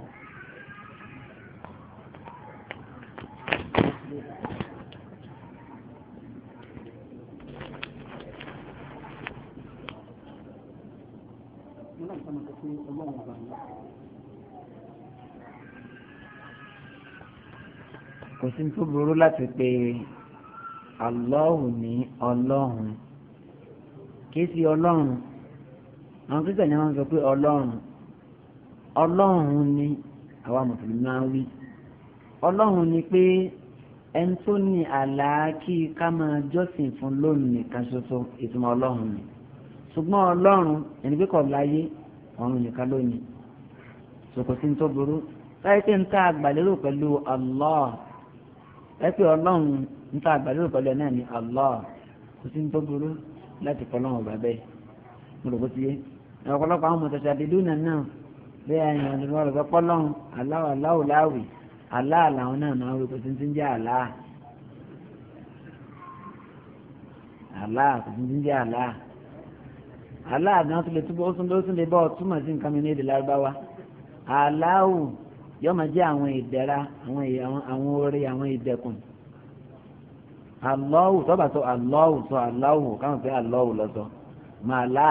[SPEAKER 1] kò sí tó burú láti pe Allahu ní ọlọ́run kìí sí ọlọ́run àwọn kíkà ni wọ́n sọ pé ọlọ́run ọlọ́run ni àwa mùsùlùmí máa ń wí ọlọ́run ni pé ẹni tó ní àlàákí ká máa jọ́sìn fún lónìí nìkan ṣoṣo ìtumọ̀ ọlọ́run ni ṣùgbọ́n ọlọ́run ẹni pé kò láyé ọ̀run nìkan lónìí ṣòkò sí tó burú táyé pé ń tá àgbàlérò pẹ̀lú Allah ẹ pé ọlọ́run níta àgbàlérò pẹ̀lú náà ni Allah kò sí ní tó burú láti kọ́ lọ́wọ́ bàbá ẹ̀ mo rò bó ti yé ọ̀pọ̀lọpọ̀ àwọn mọ̀tòṣe àdìlúnà náà bẹ́ẹ̀ àyàn ni wọ́n rò pé pọ́lọ́hún aláwọ̀ aláwọ̀ láwì aláà làwọn náà máa ń rò pé tuntun jẹ́ aláà aláà tuntun jẹ́ aláà aláà gan tó lè túbọ̀ ó tún lè bọ́ túmọ̀ sí nǹkan mi ní èdè lárúbáwá aláwù yóò Allahu tọ́ba sọ Allahu sọ Allahu káwọn fẹ́ Allahu lọ́sọ màlá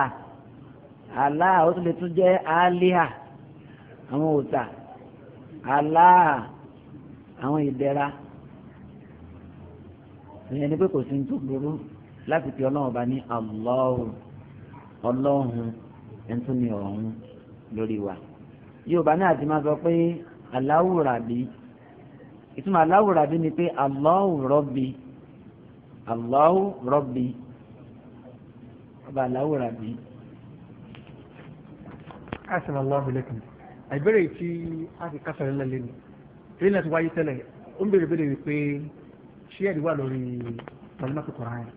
[SPEAKER 1] àlá ó tún lè tún jẹ́ àlíhà àwọn òòtà àlá àwọn ìdẹ̀ra ìyẹn ni pé kò sí ní tó burú láti fi ọlọ́run bá ní Allahu ọlọ́run ẹ̀ńtún ni ọ̀hún lórí wa yorùbá náà ti máa sọ pé Allahu Rabbi ìtumọ̀ Allahu Rabbi ni pé Allahu Rabbi.
[SPEAKER 2] Allahu Rabbi ọba aláwọ̀ rabi. asan allahu alaykum àìbẹ̀rẹ̀ tí a ti kásán lẹ́lẹ́ lẹ́nu èyí náà ti wáyé tẹ́lẹ̀ ó ń bèrè bèrè wípé ṣé ẹ̀rí wà lórí tọ́lọ́mọ́tò kọ̀ọ̀rọ̀ yẹn.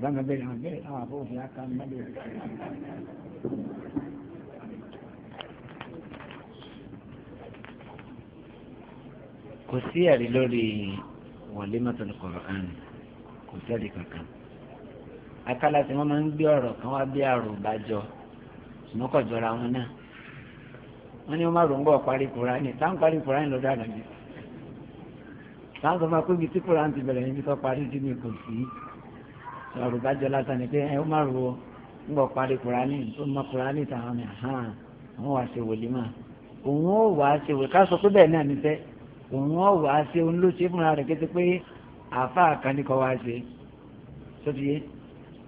[SPEAKER 2] báńgá bẹ́ẹ̀ ni wọ́n bẹ́ẹ̀ àwọn àbọ̀ òfin á ká ń bá lè rí.
[SPEAKER 1] kò sí ẹ̀rí lórí walimatul Qur'an kò sẹ́ẹ̀rí kankan akálà tí wọ́n máa ń gbé ọ̀rọ̀ kan wá bí àrùn bá jọ ṣùgbọ́n kò jọra wọn náà wọ́n ní wọ́n máa rò ń gbọ́ parí táwọn parí Kùránì lọ́dọ̀ àdàbí táwọn sọ ma pé ibi tí Kùránì ti bẹ̀rẹ̀ níbi tó parí sí ni kò sí ọ̀rọ̀ bá jọ lásán ni pé ẹ wọ́n máa rò ń gbọ́ parí Kùránì tó mọ Kùránì táwọn ni àwọn wàá ṣe wòlímà òun ó wàá ṣe wòlímà ká sọ pé bẹ́ẹ̀ náà ní fẹ́ẹ́ òun ọ̀ wá ṣe òun ló ṣe fúnra rẹ̀ kété pé àáfàá kan ní kọ́ wá ṣe sọ́fìyé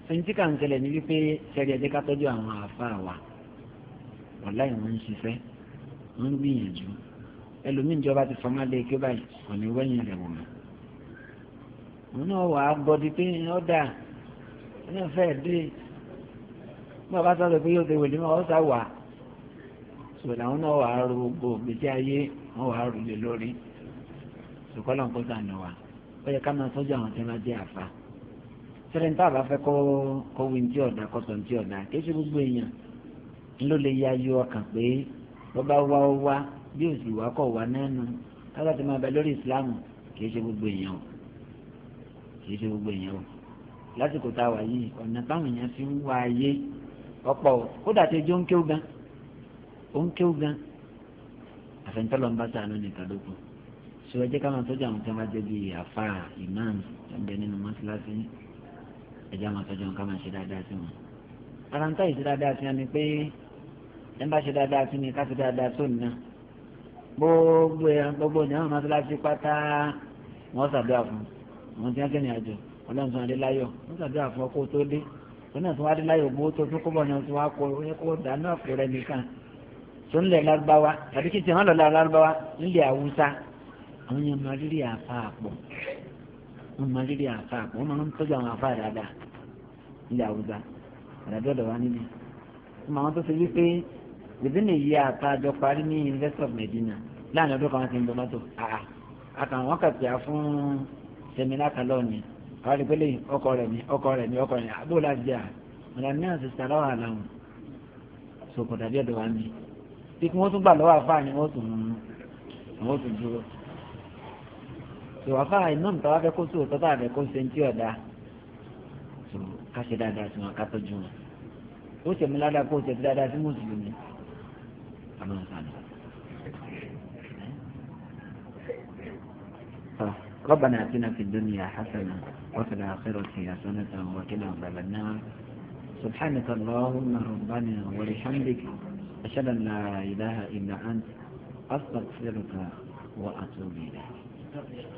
[SPEAKER 1] ẹni tí kà ń ṣẹlẹ̀ ní wípé ṣẹlẹ̀ ẹ̀jẹ̀ ká tọ́jú àwọn àáfàá wa wàláì wọ́n ń ṣiṣẹ́ wọ́n ń gbìyànjú ẹlòmíín jọba ti fọmọ́ lé e kí ó báyìí kò ní wẹ́yìn rẹ̀ wọ̀n. òun náà wà á gbọ́dí pé ọ̀dà ẹni fẹ́ dé bí wọ́n bá sọ̀rọ̀ pé yóò ṣe wèlé mọ́ ọ̀sà wà sọ̀rọ̀ àwọn náà wà ro gbogbo gbèsè ayé wọ́n wà rò lé lórí sùkọ́lọ̀ ń kó sànù wa ó yẹ ká máa sọ́jà àwọn tí wọ́n jẹ́ àfa sẹ́rẹ̀ níta àbá fẹ́ kọ́ kọ́wé ntí ọ̀dà kọ́sọ̀ ntí ọ̀dà kéṣe gbogbo èèyàn ló lè ya yọ ọkàn pé bọ́bá wá ó wá bí ó sì wá kọ̀ wá nẹ́nu káwá ti máa bẹ lórí ìsìláàmù kéṣe gbogbo èèyàn o kéṣe gbogbo èèyàn o lásìkò tá a wà yìí táwọn èèyàn fi ń wá ayé ọ̀pọ̀ kódà tí ojú ó ń kéwú gan ó ń kéwú gan àfẹnitọ́lọ́ ń bá sàánú nìkan lókun sọ ẹ jẹ́ ká máa tọ́jú àwọn tí wọ́n bá jẹ́ bíi àfa imam tó ń bẹ nínú mọ́sálásí ẹ jẹ́ àwọn tọ́jú wọn ká máa ṣe dáadáa sí wọn. ara ń tọ́ ìṣe dáadáa sí wọn ni pé ẹ ń bá ṣe dáadáa sí mi ká ṣe dáadáa tó nìyà gbogbo ẹ gbogbo ìdí àwọn mọ́sálásí pátá wọ́n ṣàdúrà fún wọn tí wọ́n kẹ́ni àjọ ọlọ́run tún adéláyọ̀ wọ́n ṣàdúrà fún ọkọ̀ tó dé wọn náà tún wá adéláyọ̀ gbowó tó tún kọ́bọ̀ àwọn yẹn máa rírì àfa àpọ̀ wọ́n máa rírì àfa àpọ̀ wọ́n máa ń tọ́jú àwọn àfa dáadáa ilé àwùjá àdàbí ọ̀dọ̀ wa níbi wọ́n máa tó ṣe wípé bèbí ni ìyá àta àjọ parí ní University of Medina láàrin ọdún kan wọn ti ń dọmọtò àà àtàwọn wọn kàtìyà fún sẹmínà kan lọ́ọ̀ni àwọn àdìpẹ́ lè ọkọ rẹ̀ ní ọkọ rẹ̀ ní ọkọ rẹ̀ àbúrò láti jà ọ̀nà náà sì sàrọ̀ àlàhùn sòkòtà bí ọ̀dọ̀ wa ní bí wọ́n tún gbà lọ́wọ́ àfáà ni wọ́n tún dúró. tó wá fáà iná nǹkan wá fẹ́ kó sóòótọ́ tá a fẹ́ kó ṣe ń tí ọ̀dà tó ká ṣe dáadáa sí wọn ká tọ́jú wọn ó ṣe mú ládàá kó ṣe dáadáa sí mùsùlùmí àmọ́ sànù. ربنا اتنا في الدنيا حسنه وفي الاخره حسنه وقنا عذاب النار سبحانك اللهم ربنا وبحمدك أشهد أن لا إله إلا أنت
[SPEAKER 2] أستغفرك وأتوب إليك